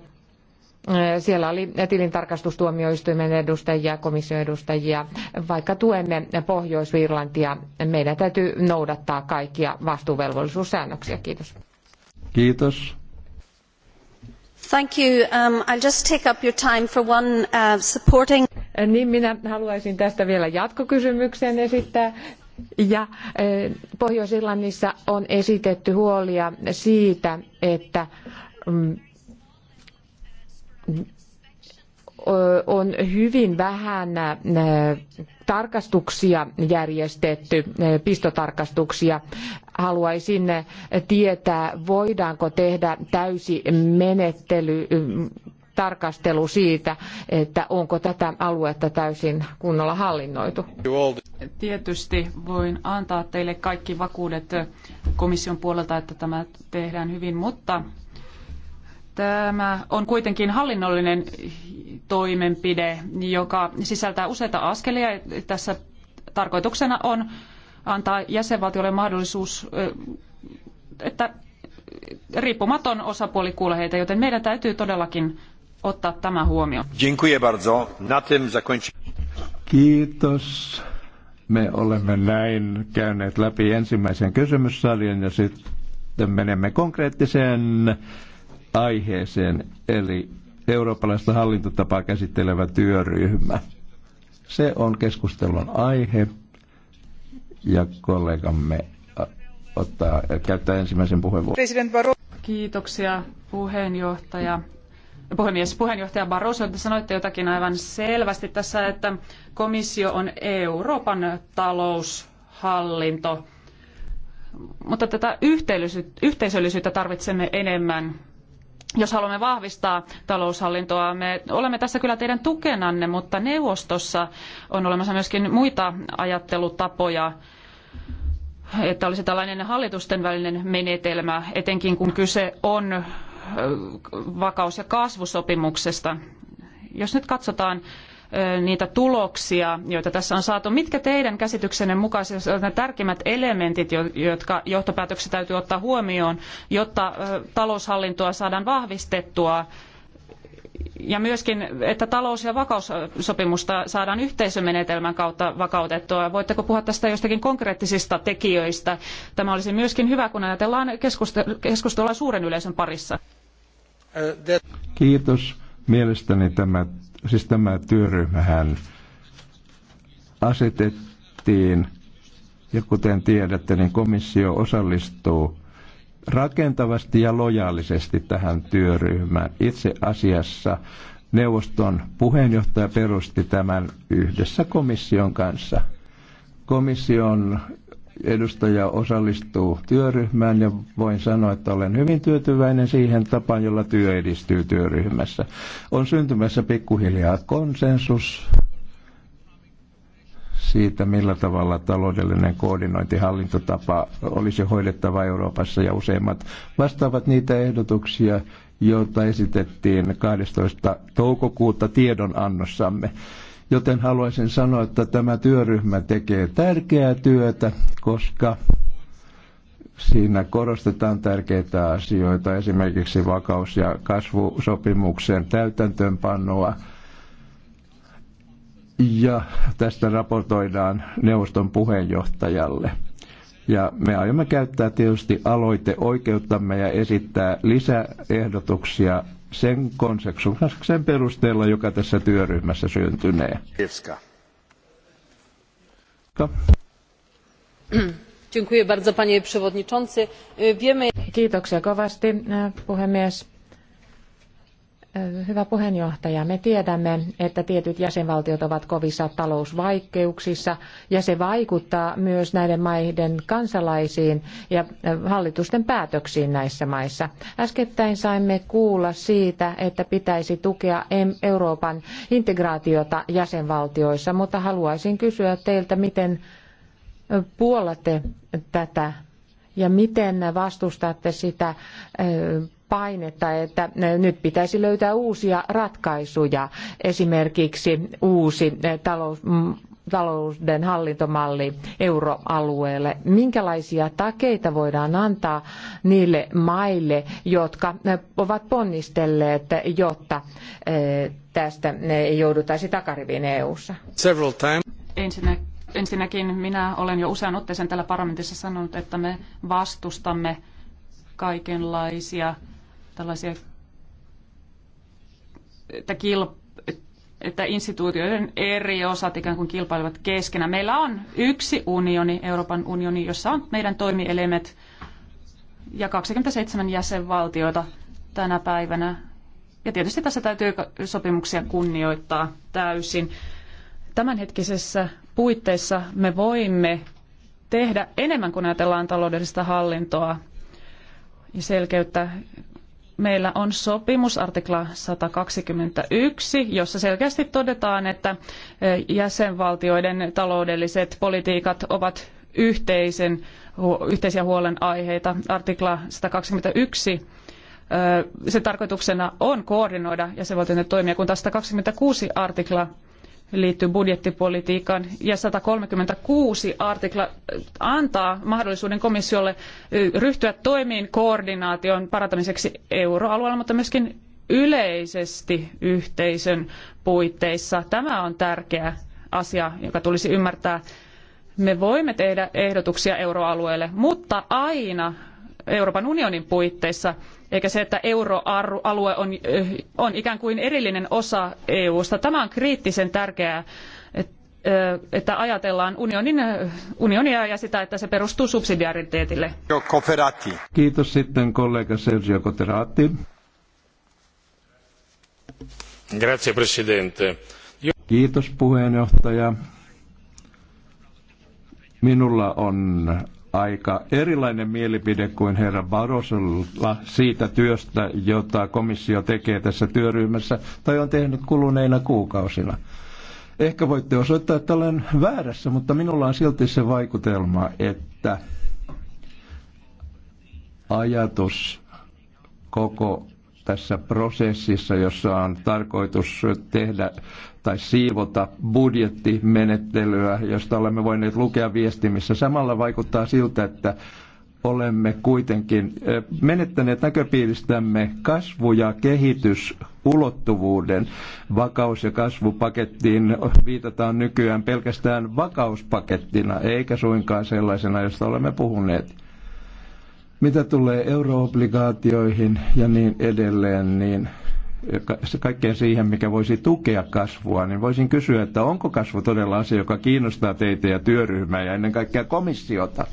siellä oli tilintarkastustuomioistuimen edustajia, komission edustajia. Vaikka tuemme Pohjois-Irlantia, meidän täytyy noudattaa kaikkia vastuuvelvollisuussäännöksiä. Kiitos. Kiitos. Thank you. Um, I'll just take up your time for one uh, supporting. Niin minä haluaisin tästä vielä jatkokysymyksen esittää. Ja e, Pohjois-Irlannissa on esitetty huolia siitä, että mm, on hyvin vähän e, tarkastuksia järjestetty, e, pistotarkastuksia. Haluaisin tietää, voidaanko tehdä täysi menettely mm, tarkastelu siitä, että onko tätä aluetta täysin kunnolla hallinnoitu. Tietysti voin antaa teille kaikki vakuudet komission puolelta, että tämä tehdään hyvin, mutta Tämä on kuitenkin hallinnollinen toimenpide, joka sisältää useita askelia. Tässä tarkoituksena on antaa jäsenvaltiolle mahdollisuus, että riippumaton osapuoli kuulee heitä, joten meidän täytyy todellakin ottaa tämä huomioon. Dziękuję bardzo. Na tym zakończy... Kiitos. Me olemme näin käyneet läpi ensimmäisen kysymyssarjan ja sitten menemme konkreettiseen aiheeseen, eli eurooppalaista hallintotapaa käsittelevä työryhmä. Se on keskustelun aihe ja kollegamme ottaa, käyttää ensimmäisen puheenvuoron. Kiitoksia puheenjohtaja puhemies, puheenjohtaja Barroso, te sanoitte jotakin aivan selvästi tässä, että komissio on Euroopan taloushallinto. Mutta tätä yhteisöllisyyttä tarvitsemme enemmän. Jos haluamme vahvistaa taloushallintoa, me olemme tässä kyllä teidän tukenanne, mutta neuvostossa on olemassa myöskin muita ajattelutapoja että olisi tällainen hallitusten välinen menetelmä, etenkin kun kyse on vakaus- ja kasvusopimuksesta. Jos nyt katsotaan niitä tuloksia, joita tässä on saatu. Mitkä teidän käsityksenne mukaisesti ovat ne tärkeimmät elementit, jotka johtopäätöksessä täytyy ottaa huomioon, jotta taloushallintoa saadaan vahvistettua ja myöskin, että talous- ja vakaussopimusta saadaan yhteisömenetelmän kautta vakautettua. Voitteko puhua tästä jostakin konkreettisista tekijöistä? Tämä olisi myöskin hyvä, kun ajatellaan keskustelua suuren yleisön parissa. Kiitos. Mielestäni tämä, siis tämä työryhmähän asetettiin, ja kuten tiedätte, niin komissio osallistuu rakentavasti ja lojaalisesti tähän työryhmään. Itse asiassa neuvoston puheenjohtaja perusti tämän yhdessä komission kanssa. Komission edustaja osallistuu työryhmään ja voin sanoa, että olen hyvin tyytyväinen siihen tapaan, jolla työ edistyy työryhmässä. On syntymässä pikkuhiljaa konsensus siitä, millä tavalla taloudellinen koordinointi hallintotapa olisi hoidettava Euroopassa ja useimmat vastaavat niitä ehdotuksia, joita esitettiin 12. toukokuuta tiedonannossamme. Joten haluaisin sanoa, että tämä työryhmä tekee tärkeää työtä, koska siinä korostetaan tärkeitä asioita, esimerkiksi vakaus- ja kasvusopimuksen täytäntöönpanoa – ja tästä raportoidaan neuvoston puheenjohtajalle. Ja me aiomme käyttää tietysti aloiteoikeuttamme ja esittää lisäehdotuksia sen konseksuksen perusteella, joka tässä työryhmässä syntynee. Kiitos. Kiitoksia kovasti, puhemies Hyvä puheenjohtaja, me tiedämme, että tietyt jäsenvaltiot ovat kovissa talousvaikeuksissa ja se vaikuttaa myös näiden maiden kansalaisiin ja hallitusten päätöksiin näissä maissa. Äskettäin saimme kuulla siitä, että pitäisi tukea Euroopan integraatiota jäsenvaltioissa, mutta haluaisin kysyä teiltä, miten puolatte tätä ja miten vastustatte sitä painetta, että nyt pitäisi löytää uusia ratkaisuja, esimerkiksi uusi talous, talouden hallintomalli euroalueelle. Minkälaisia takeita voidaan antaa niille maille, jotka ovat ponnistelleet, jotta eh, tästä ei jouduttaisi takariviin EU-ssa? Several Ensinnä, ensinnäkin minä olen jo usean otteeseen täällä parlamentissa sanonut, että me vastustamme kaikenlaisia tällaisia että, kilp, että instituutioiden eri osat ikään kuin kilpailevat keskenään. Meillä on yksi unioni, Euroopan unioni, jossa on meidän toimielimet ja 27 jäsenvaltiota tänä päivänä. Ja tietysti tässä täytyy sopimuksia kunnioittaa täysin. Tämänhetkisessä puitteissa me voimme tehdä enemmän, kuin ajatellaan taloudellista hallintoa ja selkeyttä meillä on sopimus, artikla 121, jossa selkeästi todetaan, että e, jäsenvaltioiden taloudelliset politiikat ovat yhteisen, yhteisiä huolenaiheita. Artikla 121 e, sen tarkoituksena on koordinoida jäsenvaltioiden toimia, kun taas 126 artikla liittyy budjettipolitiikkaan ja 136 artikla äh, antaa mahdollisuuden komissiolle äh, ryhtyä toimiin koordinaation parantamiseksi euroalueella, mutta myöskin yleisesti yhteisön puitteissa. Tämä on tärkeä asia, joka tulisi ymmärtää. Me voimme tehdä ehdotuksia euroalueelle, mutta aina Euroopan unionin puitteissa, eikä se, että euroalue on, eh, on ikään kuin erillinen osa EUsta. Tämä on kriittisen tärkeää, eh, että ajatellaan unionin, eh, unionia ja sitä, että se perustuu subsidiariteetille. Kiitos sitten kollega Sergio Coferati. Grazie, Presidente. Kiitos puheenjohtaja. Minulla on aika erilainen mielipide kuin herra Barosolla siitä työstä, jota komissio tekee tässä työryhmässä tai on tehnyt kuluneina kuukausina. Ehkä voitte osoittaa, että olen väärässä, mutta minulla on silti se vaikutelma, että ajatus koko tässä prosessissa, jossa on tarkoitus tehdä tai siivota budjettimenettelyä, josta olemme voineet lukea viestimissä. Samalla vaikuttaa siltä, että olemme kuitenkin menettäneet näköpiiristämme kasvu- ja kehitysulottuvuuden. Vakaus- ja kasvupakettiin viitataan nykyään pelkästään vakauspakettina, eikä suinkaan sellaisena, josta olemme puhuneet mitä tulee euroobligaatioihin ja niin edelleen, niin kaikkeen siihen, mikä voisi tukea kasvua, niin voisin kysyä, että onko kasvu todella asia, joka kiinnostaa teitä ja työryhmää ja ennen kaikkea komissiota?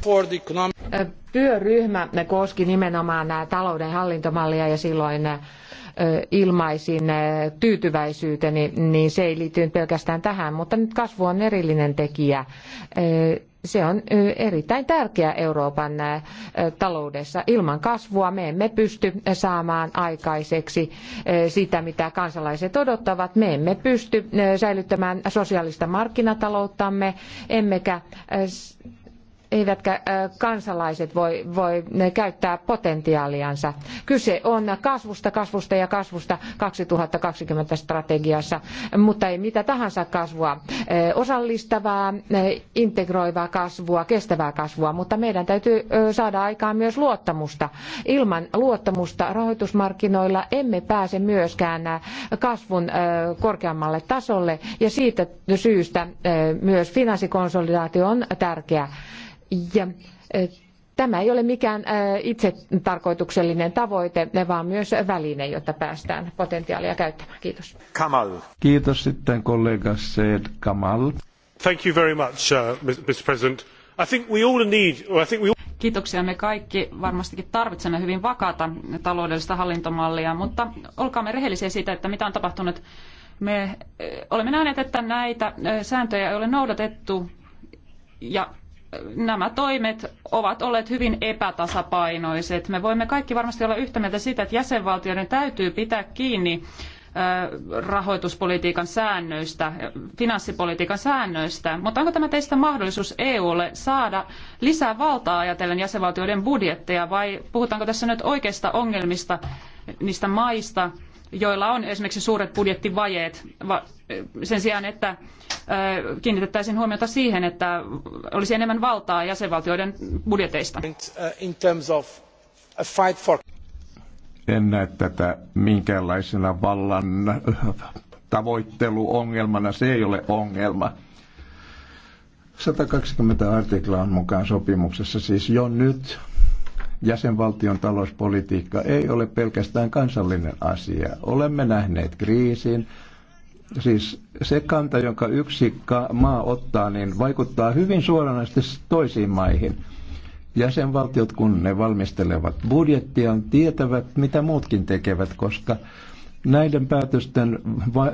Työryhmä koski nimenomaan talouden hallintomallia ja silloin ilmaisin tyytyväisyyteni, niin se ei liittynyt pelkästään tähän, mutta nyt kasvu on erillinen tekijä se on erittäin tärkeä Euroopan taloudessa. Ilman kasvua me emme pysty saamaan aikaiseksi sitä, mitä kansalaiset odottavat. Me emme pysty säilyttämään sosiaalista markkinatalouttamme, emmekä eivätkä kansalaiset voi, voi käyttää potentiaaliansa. Kyse on kasvusta, kasvusta ja kasvusta 2020 strategiassa, mutta ei mitä tahansa kasvua. Osallistavaa, integroivaa kasvua, kestävää kasvua, mutta meidän täytyy saada aikaan myös luottamusta. Ilman luottamusta rahoitusmarkkinoilla emme pääse myöskään kasvun korkeammalle tasolle ja siitä syystä myös finanssikonsolidaatio on tärkeä ja e, tämä ei ole mikään e, itsetarkoituksellinen tavoite, vaan myös väline, jotta päästään potentiaalia käyttämään. Kiitos. Kamal. Kiitos sitten kollega Seed Kamal. Thank you very much, uh, Mr. President. I think we all need, or I think we all... Kiitoksia. Me kaikki varmastikin tarvitsemme hyvin vakaata taloudellista hallintomallia, mutta olkaamme rehellisiä siitä, että mitä on tapahtunut. Me e, olemme nähneet, että näitä sääntöjä ei ole noudatettu ja nämä toimet ovat olleet hyvin epätasapainoiset. Me voimme kaikki varmasti olla yhtä mieltä siitä, että jäsenvaltioiden täytyy pitää kiinni rahoituspolitiikan säännöistä, finanssipolitiikan säännöistä, mutta onko tämä teistä mahdollisuus EUlle saada lisää valtaa ajatellen jäsenvaltioiden budjetteja vai puhutaanko tässä nyt oikeista ongelmista niistä maista, joilla on esimerkiksi suuret budjettivajeet, sen sijaan, että kiinnitettäisiin huomiota siihen, että olisi enemmän valtaa jäsenvaltioiden budjeteista. En näe tätä minkäänlaisena vallan tavoitteluongelmana, se ei ole ongelma. 120 artiklaa on mukaan sopimuksessa siis jo nyt jäsenvaltion talouspolitiikka ei ole pelkästään kansallinen asia. Olemme nähneet kriisin, siis se kanta, jonka yksi maa ottaa, niin vaikuttaa hyvin suoranaisesti toisiin maihin. Jäsenvaltiot, kun ne valmistelevat budjettia, tietävät, mitä muutkin tekevät, koska näiden päätösten,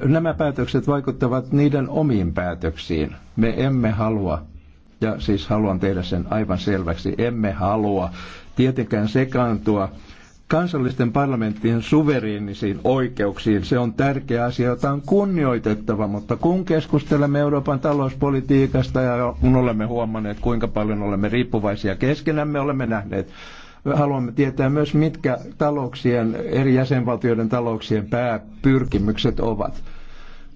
nämä päätökset vaikuttavat niiden omiin päätöksiin. Me emme halua, ja siis haluan tehdä sen aivan selväksi, emme halua tietenkään sekaantua kansallisten parlamenttien suvereenisiin oikeuksiin. Se on tärkeä asia, jota on kunnioitettava, mutta kun keskustelemme Euroopan talouspolitiikasta ja kun olemme huomanneet, kuinka paljon olemme riippuvaisia keskenämme, olemme nähneet haluamme tietää myös, mitkä talouksien, eri jäsenvaltioiden talouksien pääpyrkimykset ovat.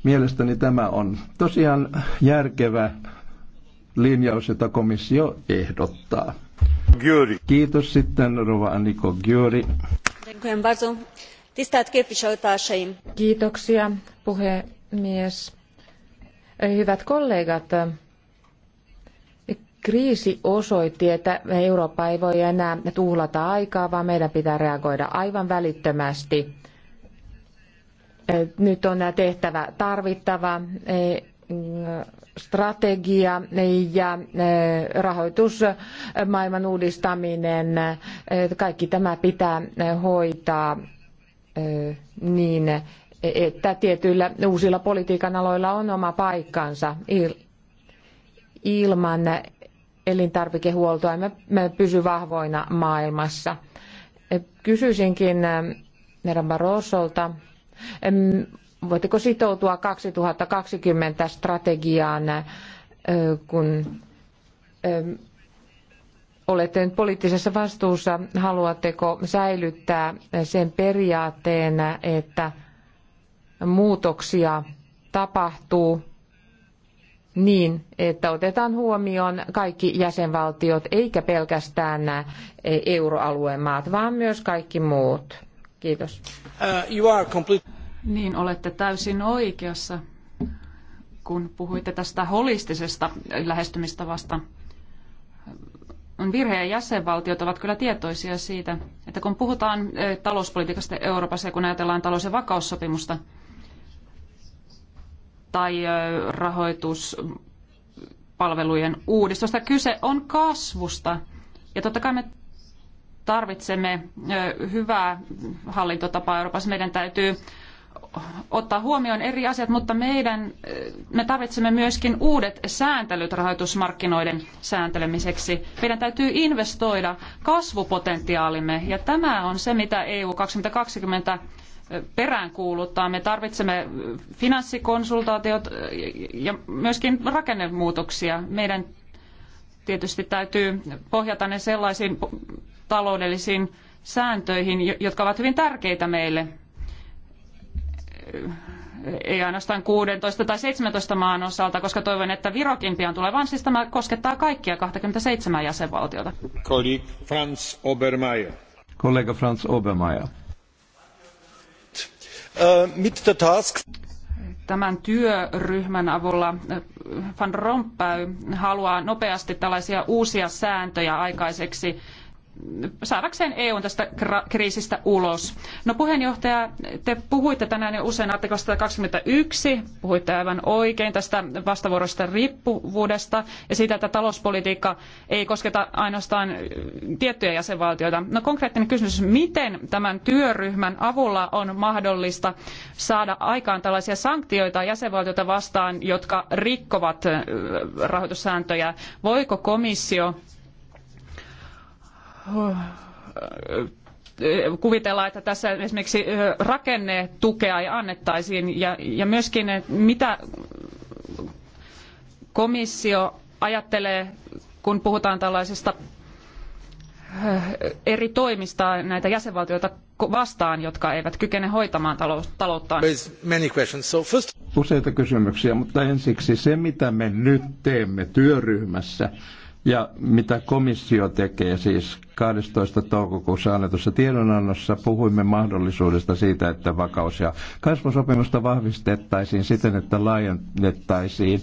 Mielestäni tämä on tosiaan järkevä linjaus, jota komissio ehdottaa. Győri. Kiitos sitten Rova Aniko Győri. Kiitoksia puhemies. Hyvät kollegat, kriisi osoitti, että Eurooppa ei voi enää tuhlata aikaa, vaan meidän pitää reagoida aivan välittömästi. Nyt on tehtävä tarvittava strategia ja e, rahoitusmaailman e, uudistaminen, e, kaikki tämä pitää hoitaa niin, että tietyillä uusilla politiikan aloilla on oma paikkansa ilman elintarvikehuoltoa emme pysy vahvoina maailmassa. Kysyisinkin Herra Barrosolta, voitteko sitoutua 2020 strategiaan, kun olette nyt poliittisessa vastuussa, haluatteko säilyttää sen periaatteen, että muutoksia tapahtuu niin, että otetaan huomioon kaikki jäsenvaltiot, eikä pelkästään nämä euroalueen maat, vaan myös kaikki muut. Kiitos. Uh, niin olette täysin oikeassa, kun puhuitte tästä holistisesta lähestymistavasta. On virhe ja jäsenvaltiot ovat kyllä tietoisia siitä, että kun puhutaan eh, talouspolitiikasta Euroopassa ja kun ajatellaan talous- ja vakaussopimusta tai eh, rahoituspalvelujen uudistusta, kyse on kasvusta. Ja totta kai me tarvitsemme eh, hyvää hallintotapaa Euroopassa. Meidän täytyy ottaa huomioon eri asiat, mutta meidän, eh, me tarvitsemme myöskin uudet sääntelyt rahoitusmarkkinoiden sääntelemiseksi. Meidän täytyy investoida kasvupotentiaalimme ja tämä on se, mitä EU 2020 eh, peräänkuuluttaa. Me tarvitsemme eh, finanssikonsultaatiot ja myöskin rakennemuutoksia. Meidän tietysti täytyy pohjata ne sellaisiin taloudellisiin sääntöihin, jotka ovat hyvin tärkeitä meille – ei ainoastaan 16 tai 17 maan osalta, koska toivon, että Virokin pian tulee, vaan siis tämä koskettaa kaikkia 27 jäsenvaltiota. Kollega Franz Obermeier. Kollega Franz Obermeier. Äh, mit der task. Tämän työryhmän avulla äh, Van Rompuy haluaa nopeasti tällaisia uusia sääntöjä aikaiseksi saadakseen EU tästä kriisistä ulos. No puheenjohtaja, te puhuitte tänään jo usein artiklasta 21, puhuitte aivan oikein tästä vastavuoroista riippuvuudesta ja siitä, että talouspolitiikka ei kosketa ainoastaan tiettyjä jäsenvaltioita. No konkreettinen kysymys, miten tämän työryhmän avulla on mahdollista saada aikaan tällaisia sanktioita jäsenvaltioita vastaan, jotka rikkovat rahoitussääntöjä? Voiko komissio kuvitella, että tässä esimerkiksi rakennetukea ei annettaisiin ja, ja myöskin, mitä komissio ajattelee, kun puhutaan tällaisista eri toimista näitä jäsenvaltioita vastaan, jotka eivät kykene hoitamaan talouttaan? Useita kysymyksiä, mutta ensiksi se, mitä me nyt teemme työryhmässä, ja mitä komissio tekee siis 12. toukokuussa annetussa tiedonannossa puhuimme mahdollisuudesta siitä, että vakaus- ja kasvusopimusta vahvistettaisiin siten, että laajennettaisiin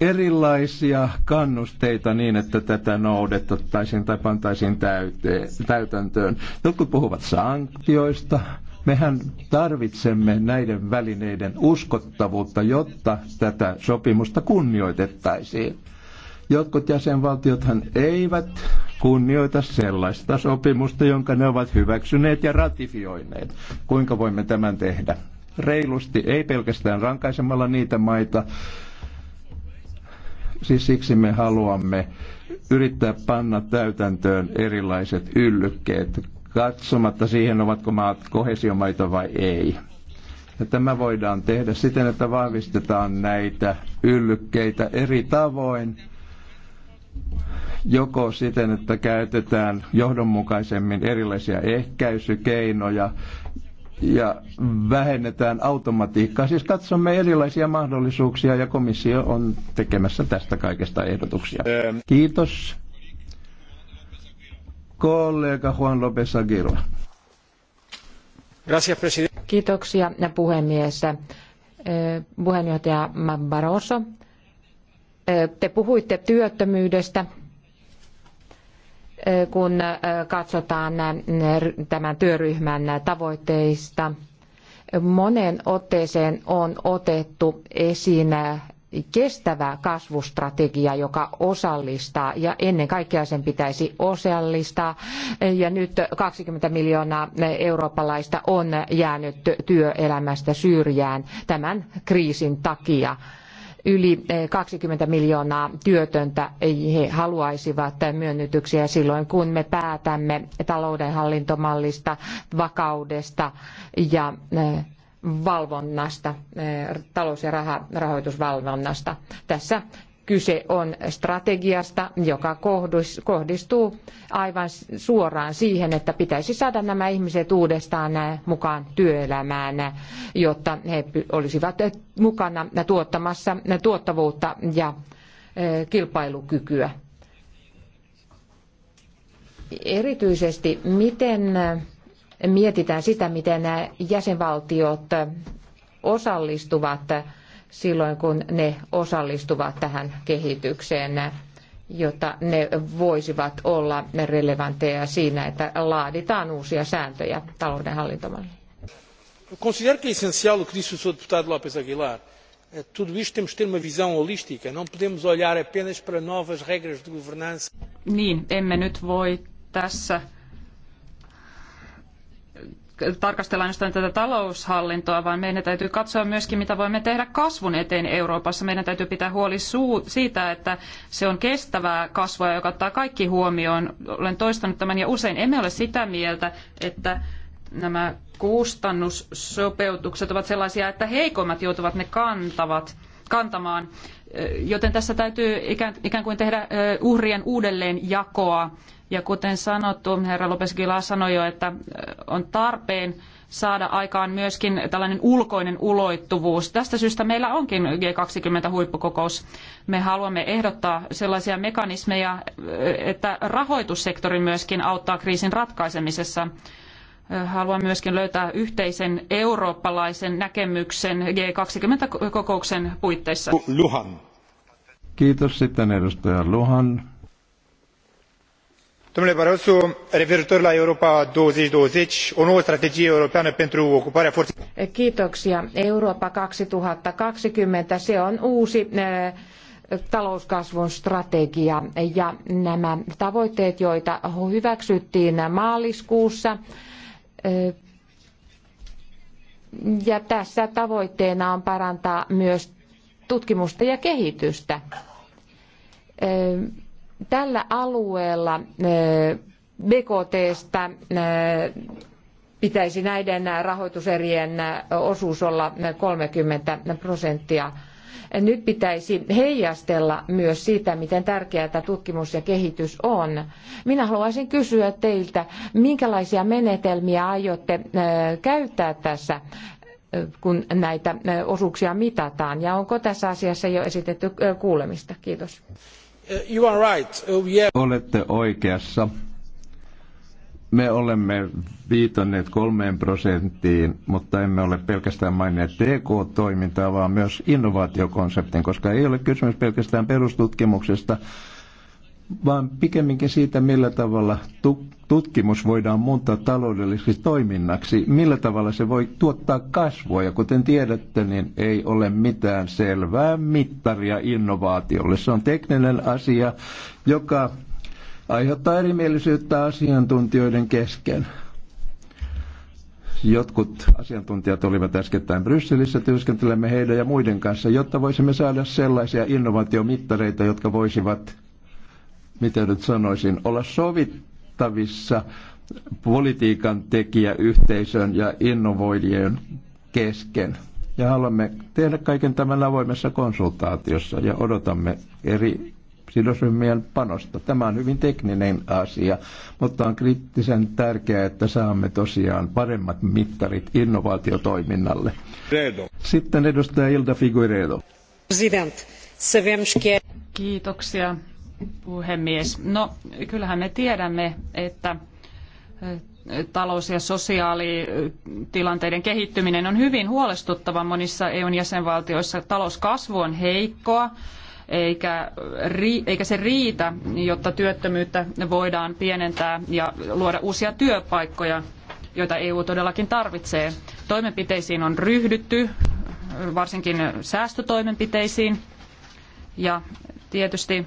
erilaisia kannusteita niin, että tätä noudatettaisiin tai pantaisiin täyteen, täytäntöön. Jotkut puhuvat sanktioista. Mehän tarvitsemme näiden välineiden uskottavuutta, jotta tätä sopimusta kunnioitettaisiin Jotkut jäsenvaltiothan eivät kunnioita sellaista sopimusta, jonka ne ovat hyväksyneet ja ratifioineet. Kuinka voimme tämän tehdä? Reilusti, ei pelkästään rankaisemalla niitä maita. Siis siksi me haluamme yrittää panna täytäntöön erilaiset yllykkeet, katsomatta siihen, ovatko maat kohesiomaita vai ei. Ja tämä voidaan tehdä siten, että vahvistetaan näitä yllykkeitä eri tavoin joko siten, että käytetään johdonmukaisemmin erilaisia ehkäisykeinoja ja vähennetään automatiikkaa. Siis katsomme erilaisia mahdollisuuksia ja komissio on tekemässä tästä kaikesta ehdotuksia. Ähm. Kiitos. Kollega Juan López Aguirre. Kiitoksia puhemies. Äh, puheenjohtaja Barroso te puhuitte työttömyydestä, kun katsotaan tämän työryhmän tavoitteista. Monen otteeseen on otettu esiin kestävä kasvustrategia, joka osallistaa ja ennen kaikkea sen pitäisi osallistaa. Ja nyt 20 miljoonaa eurooppalaista on jäänyt työelämästä syrjään tämän kriisin takia yli 20 eh, miljoonaa työtöntä. He haluaisivat myönnytyksiä silloin, kun me päätämme taloudenhallintomallista, vakaudesta ja eh, valvonnasta, eh, talous- ja rahoitusvalvonnasta. Tässä Kyse on strategiasta, joka kohdistuu aivan suoraan siihen, että pitäisi saada nämä ihmiset uudestaan mukaan työelämään, jotta he olisivat mukana tuottamassa tuottavuutta ja e, kilpailukykyä. Erityisesti miten mietitään sitä, miten jäsenvaltiot osallistuvat silloin, kun ne osallistuvat tähän kehitykseen, jotta ne voisivat olla relevantteja siinä, että laaditaan uusia sääntöjä talouden hallintomalliin. Considero que é essencial o que disse o Sr. Deputado López Aguilar. E, tudo isto temos de ter uma visão holística. Não podemos olhar apenas para novas regras de governança. Niin, emme nyt voi tässä tarkastella ainoastaan tätä taloushallintoa, vaan meidän täytyy katsoa myöskin, mitä voimme tehdä kasvun eteen Euroopassa. Meidän täytyy pitää huoli siitä, että se on kestävää kasvua, joka ottaa kaikki huomioon. Olen toistanut tämän ja usein emme ole sitä mieltä, että nämä kustannussopeutukset ovat sellaisia, että heikommat joutuvat ne kantavat, kantamaan. Joten tässä täytyy ikään, ikään kuin tehdä uhrien uudelleenjakoa jakoa ja kuten sanottu, herra Lopes Gila sanoi jo, että on tarpeen saada aikaan myöskin tällainen ulkoinen ulottuvuus. Tästä syystä meillä onkin G20-huippukokous. Me haluamme ehdottaa sellaisia mekanismeja, että rahoitussektori myöskin auttaa kriisin ratkaisemisessa. Haluan myöskin löytää yhteisen eurooppalaisen näkemyksen G20-kokouksen puitteissa. Luhan. Kiitos sitten edustaja Luhan domnule barroso referitor la europa două mii douăzeci o nouă strategie europeană pentru ocuparea forței. kiitoksia eurooppa kaksituhatta kaksikymmentä se on uusi eh, talouskasvun strategia ja nämä tavoitteet joita hyväksyttiin maaliskuussa eh, ja tässä tavoitteena on parantaa myös tutkimusta ja kehitystä eh, tällä alueella BKTstä pitäisi näiden rahoituserien osuus olla 30 prosenttia. Nyt pitäisi heijastella myös sitä, miten tärkeää tutkimus ja kehitys on. Minä haluaisin kysyä teiltä, minkälaisia menetelmiä aiotte käyttää tässä kun näitä osuuksia mitataan, ja onko tässä asiassa jo esitetty kuulemista? Kiitos. Uh, uh, Olette oikeassa. Me olemme viitanneet kolmeen prosenttiin, mutta emme ole pelkästään maininneet TK-toimintaa, vaan myös innovaatiokonseptin, koska ei ole kysymys pelkästään perustutkimuksesta, vaan pikemminkin siitä, millä tavalla tutkimus voidaan muuttaa taloudelliseksi toiminnaksi, millä tavalla se voi tuottaa kasvua. Ja kuten tiedätte, niin ei ole mitään selvää mittaria innovaatiolle. Se on tekninen asia, joka aiheuttaa erimielisyyttä asiantuntijoiden kesken. Jotkut asiantuntijat olivat äskettäin Brysselissä, työskentelemme heidän ja muiden kanssa, jotta voisimme saada sellaisia innovaatiomittareita, jotka voisivat miten nyt sanoisin, olla sovittavissa politiikan tekijäyhteisön ja innovoijien kesken. Ja haluamme tehdä kaiken tämän avoimessa konsultaatiossa ja odotamme eri sidosryhmien panosta. Tämä on hyvin tekninen asia, mutta on kriittisen tärkeää, että saamme tosiaan paremmat mittarit innovaatiotoiminnalle. Sitten edustaja Ilda Figueredo. Kiitoksia puhemies. No, kyllähän me tiedämme, että eh, talous- ja sosiaalitilanteiden kehittyminen on hyvin huolestuttava monissa EUn jäsenvaltioissa. Talouskasvu on heikkoa, eikä, eikä se riitä, jotta työttömyyttä voidaan pienentää ja luoda uusia työpaikkoja, joita EU todellakin tarvitsee. Toimenpiteisiin on ryhdytty, varsinkin säästötoimenpiteisiin, ja tietysti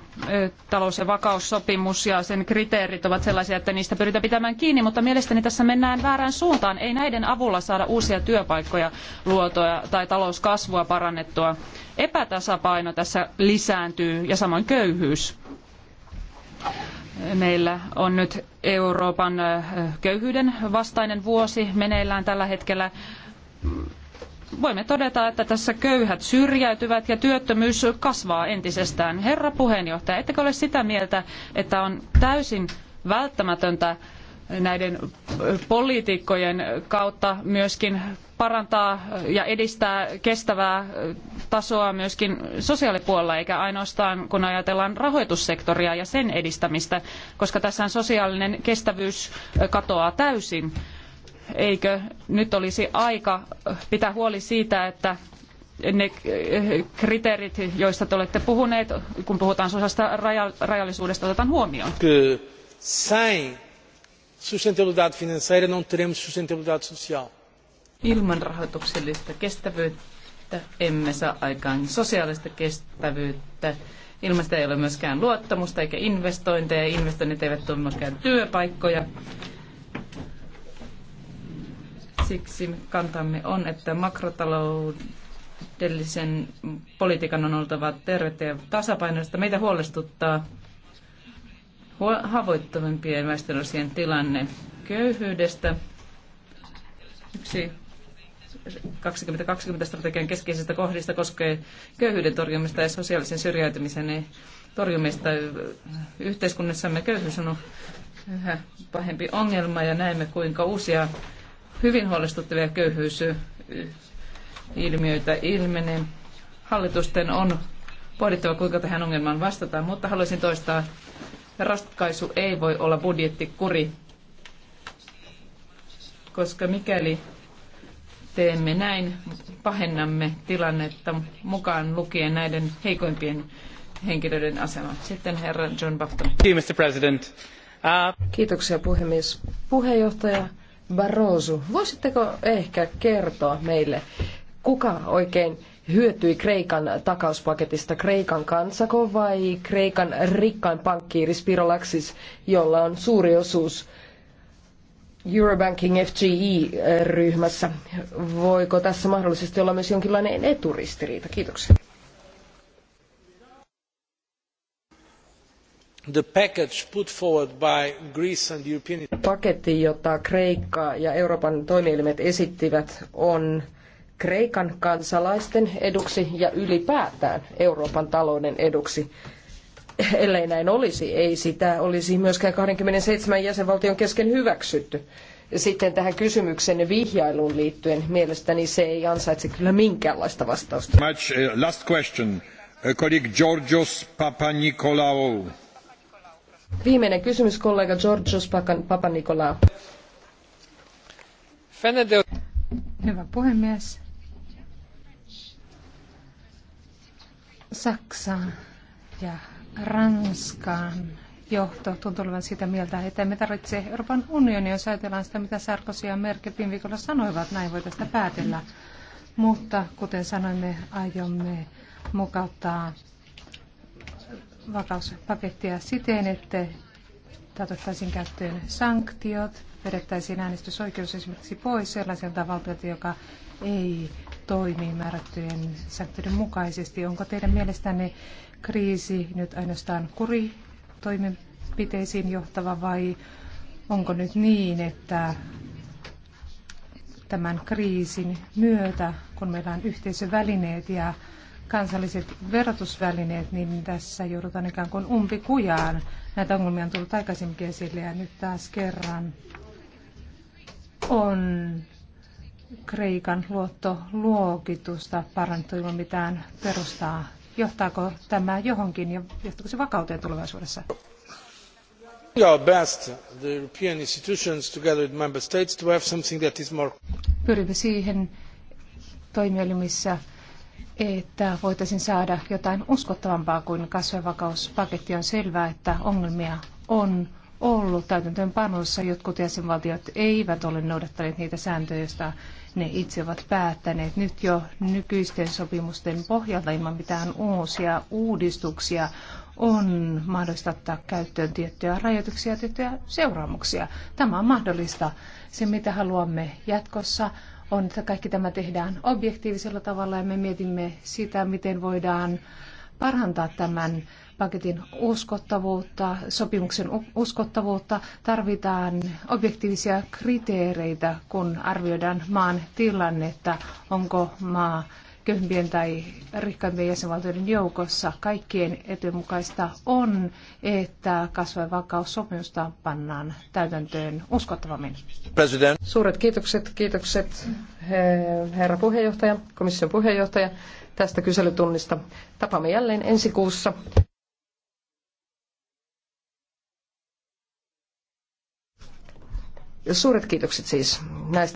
talous- ja vakaussopimus ja sen kriteerit ovat sellaisia, että niistä pyritään pitämään kiinni, mutta mielestäni tässä mennään väärään suuntaan. Ei näiden avulla saada uusia työpaikkoja luotoja tai talouskasvua parannettua. Epätasapaino tässä lisääntyy ja samoin köyhyys. Meillä on nyt Euroopan köyhyyden vastainen vuosi meneillään tällä hetkellä voimme todeta, että tässä köyhät syrjäytyvät ja työttömyys kasvaa entisestään. Herra puheenjohtaja, ettekö ole sitä mieltä, että on täysin välttämätöntä näiden poliitikkojen kautta myöskin parantaa ja edistää kestävää tasoa myöskin sosiaalipuolella, eikä ainoastaan kun ajatellaan rahoitussektoria ja sen edistämistä, koska tässä sosiaalinen kestävyys katoaa täysin eikö nyt olisi aika pitää huoli siitä, että ne kriteerit, joista te olette puhuneet, kun puhutaan sosiaalista rajallisuudesta, otetaan huomioon? Ilman rahoituksellista kestävyyttä emme saa aikaan sosiaalista kestävyyttä. Ilman sitä ei ole myöskään luottamusta eikä investointeja. Investoinnit eivät tuo myöskään työpaikkoja. Siksi kantamme on, että makrotaloudellisen politiikan on oltava tervettä ja tasapainoista. Meitä huolestuttaa haavoittuvimpien väestönosien tilanne köyhyydestä. Yksi 2020-strategian keskeisistä kohdista koskee köyhyyden torjumista ja sosiaalisen syrjäytymisen torjumista. Yhteiskunnassamme köyhyys on yhä pahempi ongelma ja näemme, kuinka uusia hyvin huolestuttavia köyhyysilmiöitä ilmenee. Hallitusten on pohdittava, kuinka tähän ongelmaan vastataan, mutta haluaisin toistaa, ratkaisu ei voi olla budjettikuri, koska mikäli teemme näin, pahennamme tilannetta mukaan lukien näiden heikoimpien henkilöiden asema. Sitten herra John Bafton. Uh, Kiitoksia puhemies. Puheenjohtaja Barroso, voisitteko ehkä kertoa meille, kuka oikein hyötyi Kreikan takauspaketista? Kreikan kansako vai Kreikan rikkain pankkiiri Spirolaxis, jolla on suuri osuus Eurobanking FGE-ryhmässä? Eh, Voiko tässä mahdollisesti olla myös jonkinlainen eturistiriita? Kiitoksia. The package put forward by Greece and European... Paketti, jota Kreikka ja Euroopan toimielimet esittivät, on Kreikan kansalaisten eduksi ja ylipäätään Euroopan talouden eduksi. Ellei näin olisi, ei sitä olisi myöskään 27 jäsenvaltion kesken hyväksytty. Sitten tähän kysymyksen vihjailuun liittyen mielestäni se ei ansaitse kyllä minkäänlaista vastausta. Uh, last question. Uh, colleague Georgios Papanikolaou. Viimeinen kysymys kollega Georgios Papanikolaou. Hyvä puhemies. Saksa ja Ranskan johto tuntuu olevan sitä mieltä, että me tarvitse Euroopan unioni, jos ajatellaan sitä, mitä Sarkozy ja Merkel viime viikolla sanoivat, näin voi tästä päätellä. Mutta kuten sanoimme, aiomme mukauttaa vakauspakettia siten, että otettaisiin käyttöön sanktiot, vedettäisiin äänestysoikeus esimerkiksi pois sellaiselta valtiolta, joka ei toimi määrättyjen sanktioiden mukaisesti. Onko teidän mielestänne kriisi nyt ainoastaan kuritoimenpiteisiin johtava vai onko nyt niin, että tämän kriisin myötä, kun meillä on yhteisövälineet ja kansalliset verotusvälineet, niin tässä joudutaan ikään kuin umpikujaan. Näitä ongelmia on tullut aikaisemminkin esille ja nyt taas kerran on Kreikan luottoluokitusta parannettu ilman mitään perustaa. Johtaako tämä johonkin ja johtaako se vakauteen tulevaisuudessa? Pyrimme siihen toimielimissä että voitaisiin saada jotain uskottavampaa kuin kasvavakauspaketti. On selvää, että ongelmia on ollut täytäntöönpanossa. Jotkut jäsenvaltiot eivät ole noudattaneet niitä sääntöjä, joista ne itse ovat päättäneet. Nyt jo nykyisten sopimusten pohjalta ilman mitään uusia uudistuksia on mahdollista ottaa käyttöön tiettyjä rajoituksia ja tiettyjä seuraamuksia. Tämä on mahdollista. Se, mitä haluamme jatkossa, on, että kaikki tämä tehdään objektiivisella tavalla ja me mietimme sitä, miten voidaan parantaa tämän paketin uskottavuutta, sopimuksen uskottavuutta. Tarvitaan objektiivisia kriteereitä, kun arvioidaan maan tilannetta, onko maa köyhimpien tai rikkaimpien jäsenvaltioiden joukossa kaikkien etujen mukaista on, että kasvu- ja vakaussopimusta pannaan täytäntöön uskottavammin. President. Suuret kiitokset, kiitokset herra puheenjohtaja, komission puheenjohtaja tästä kyselytunnista. Tapaamme jälleen ensi kuussa. Suuret kiitokset siis näistä.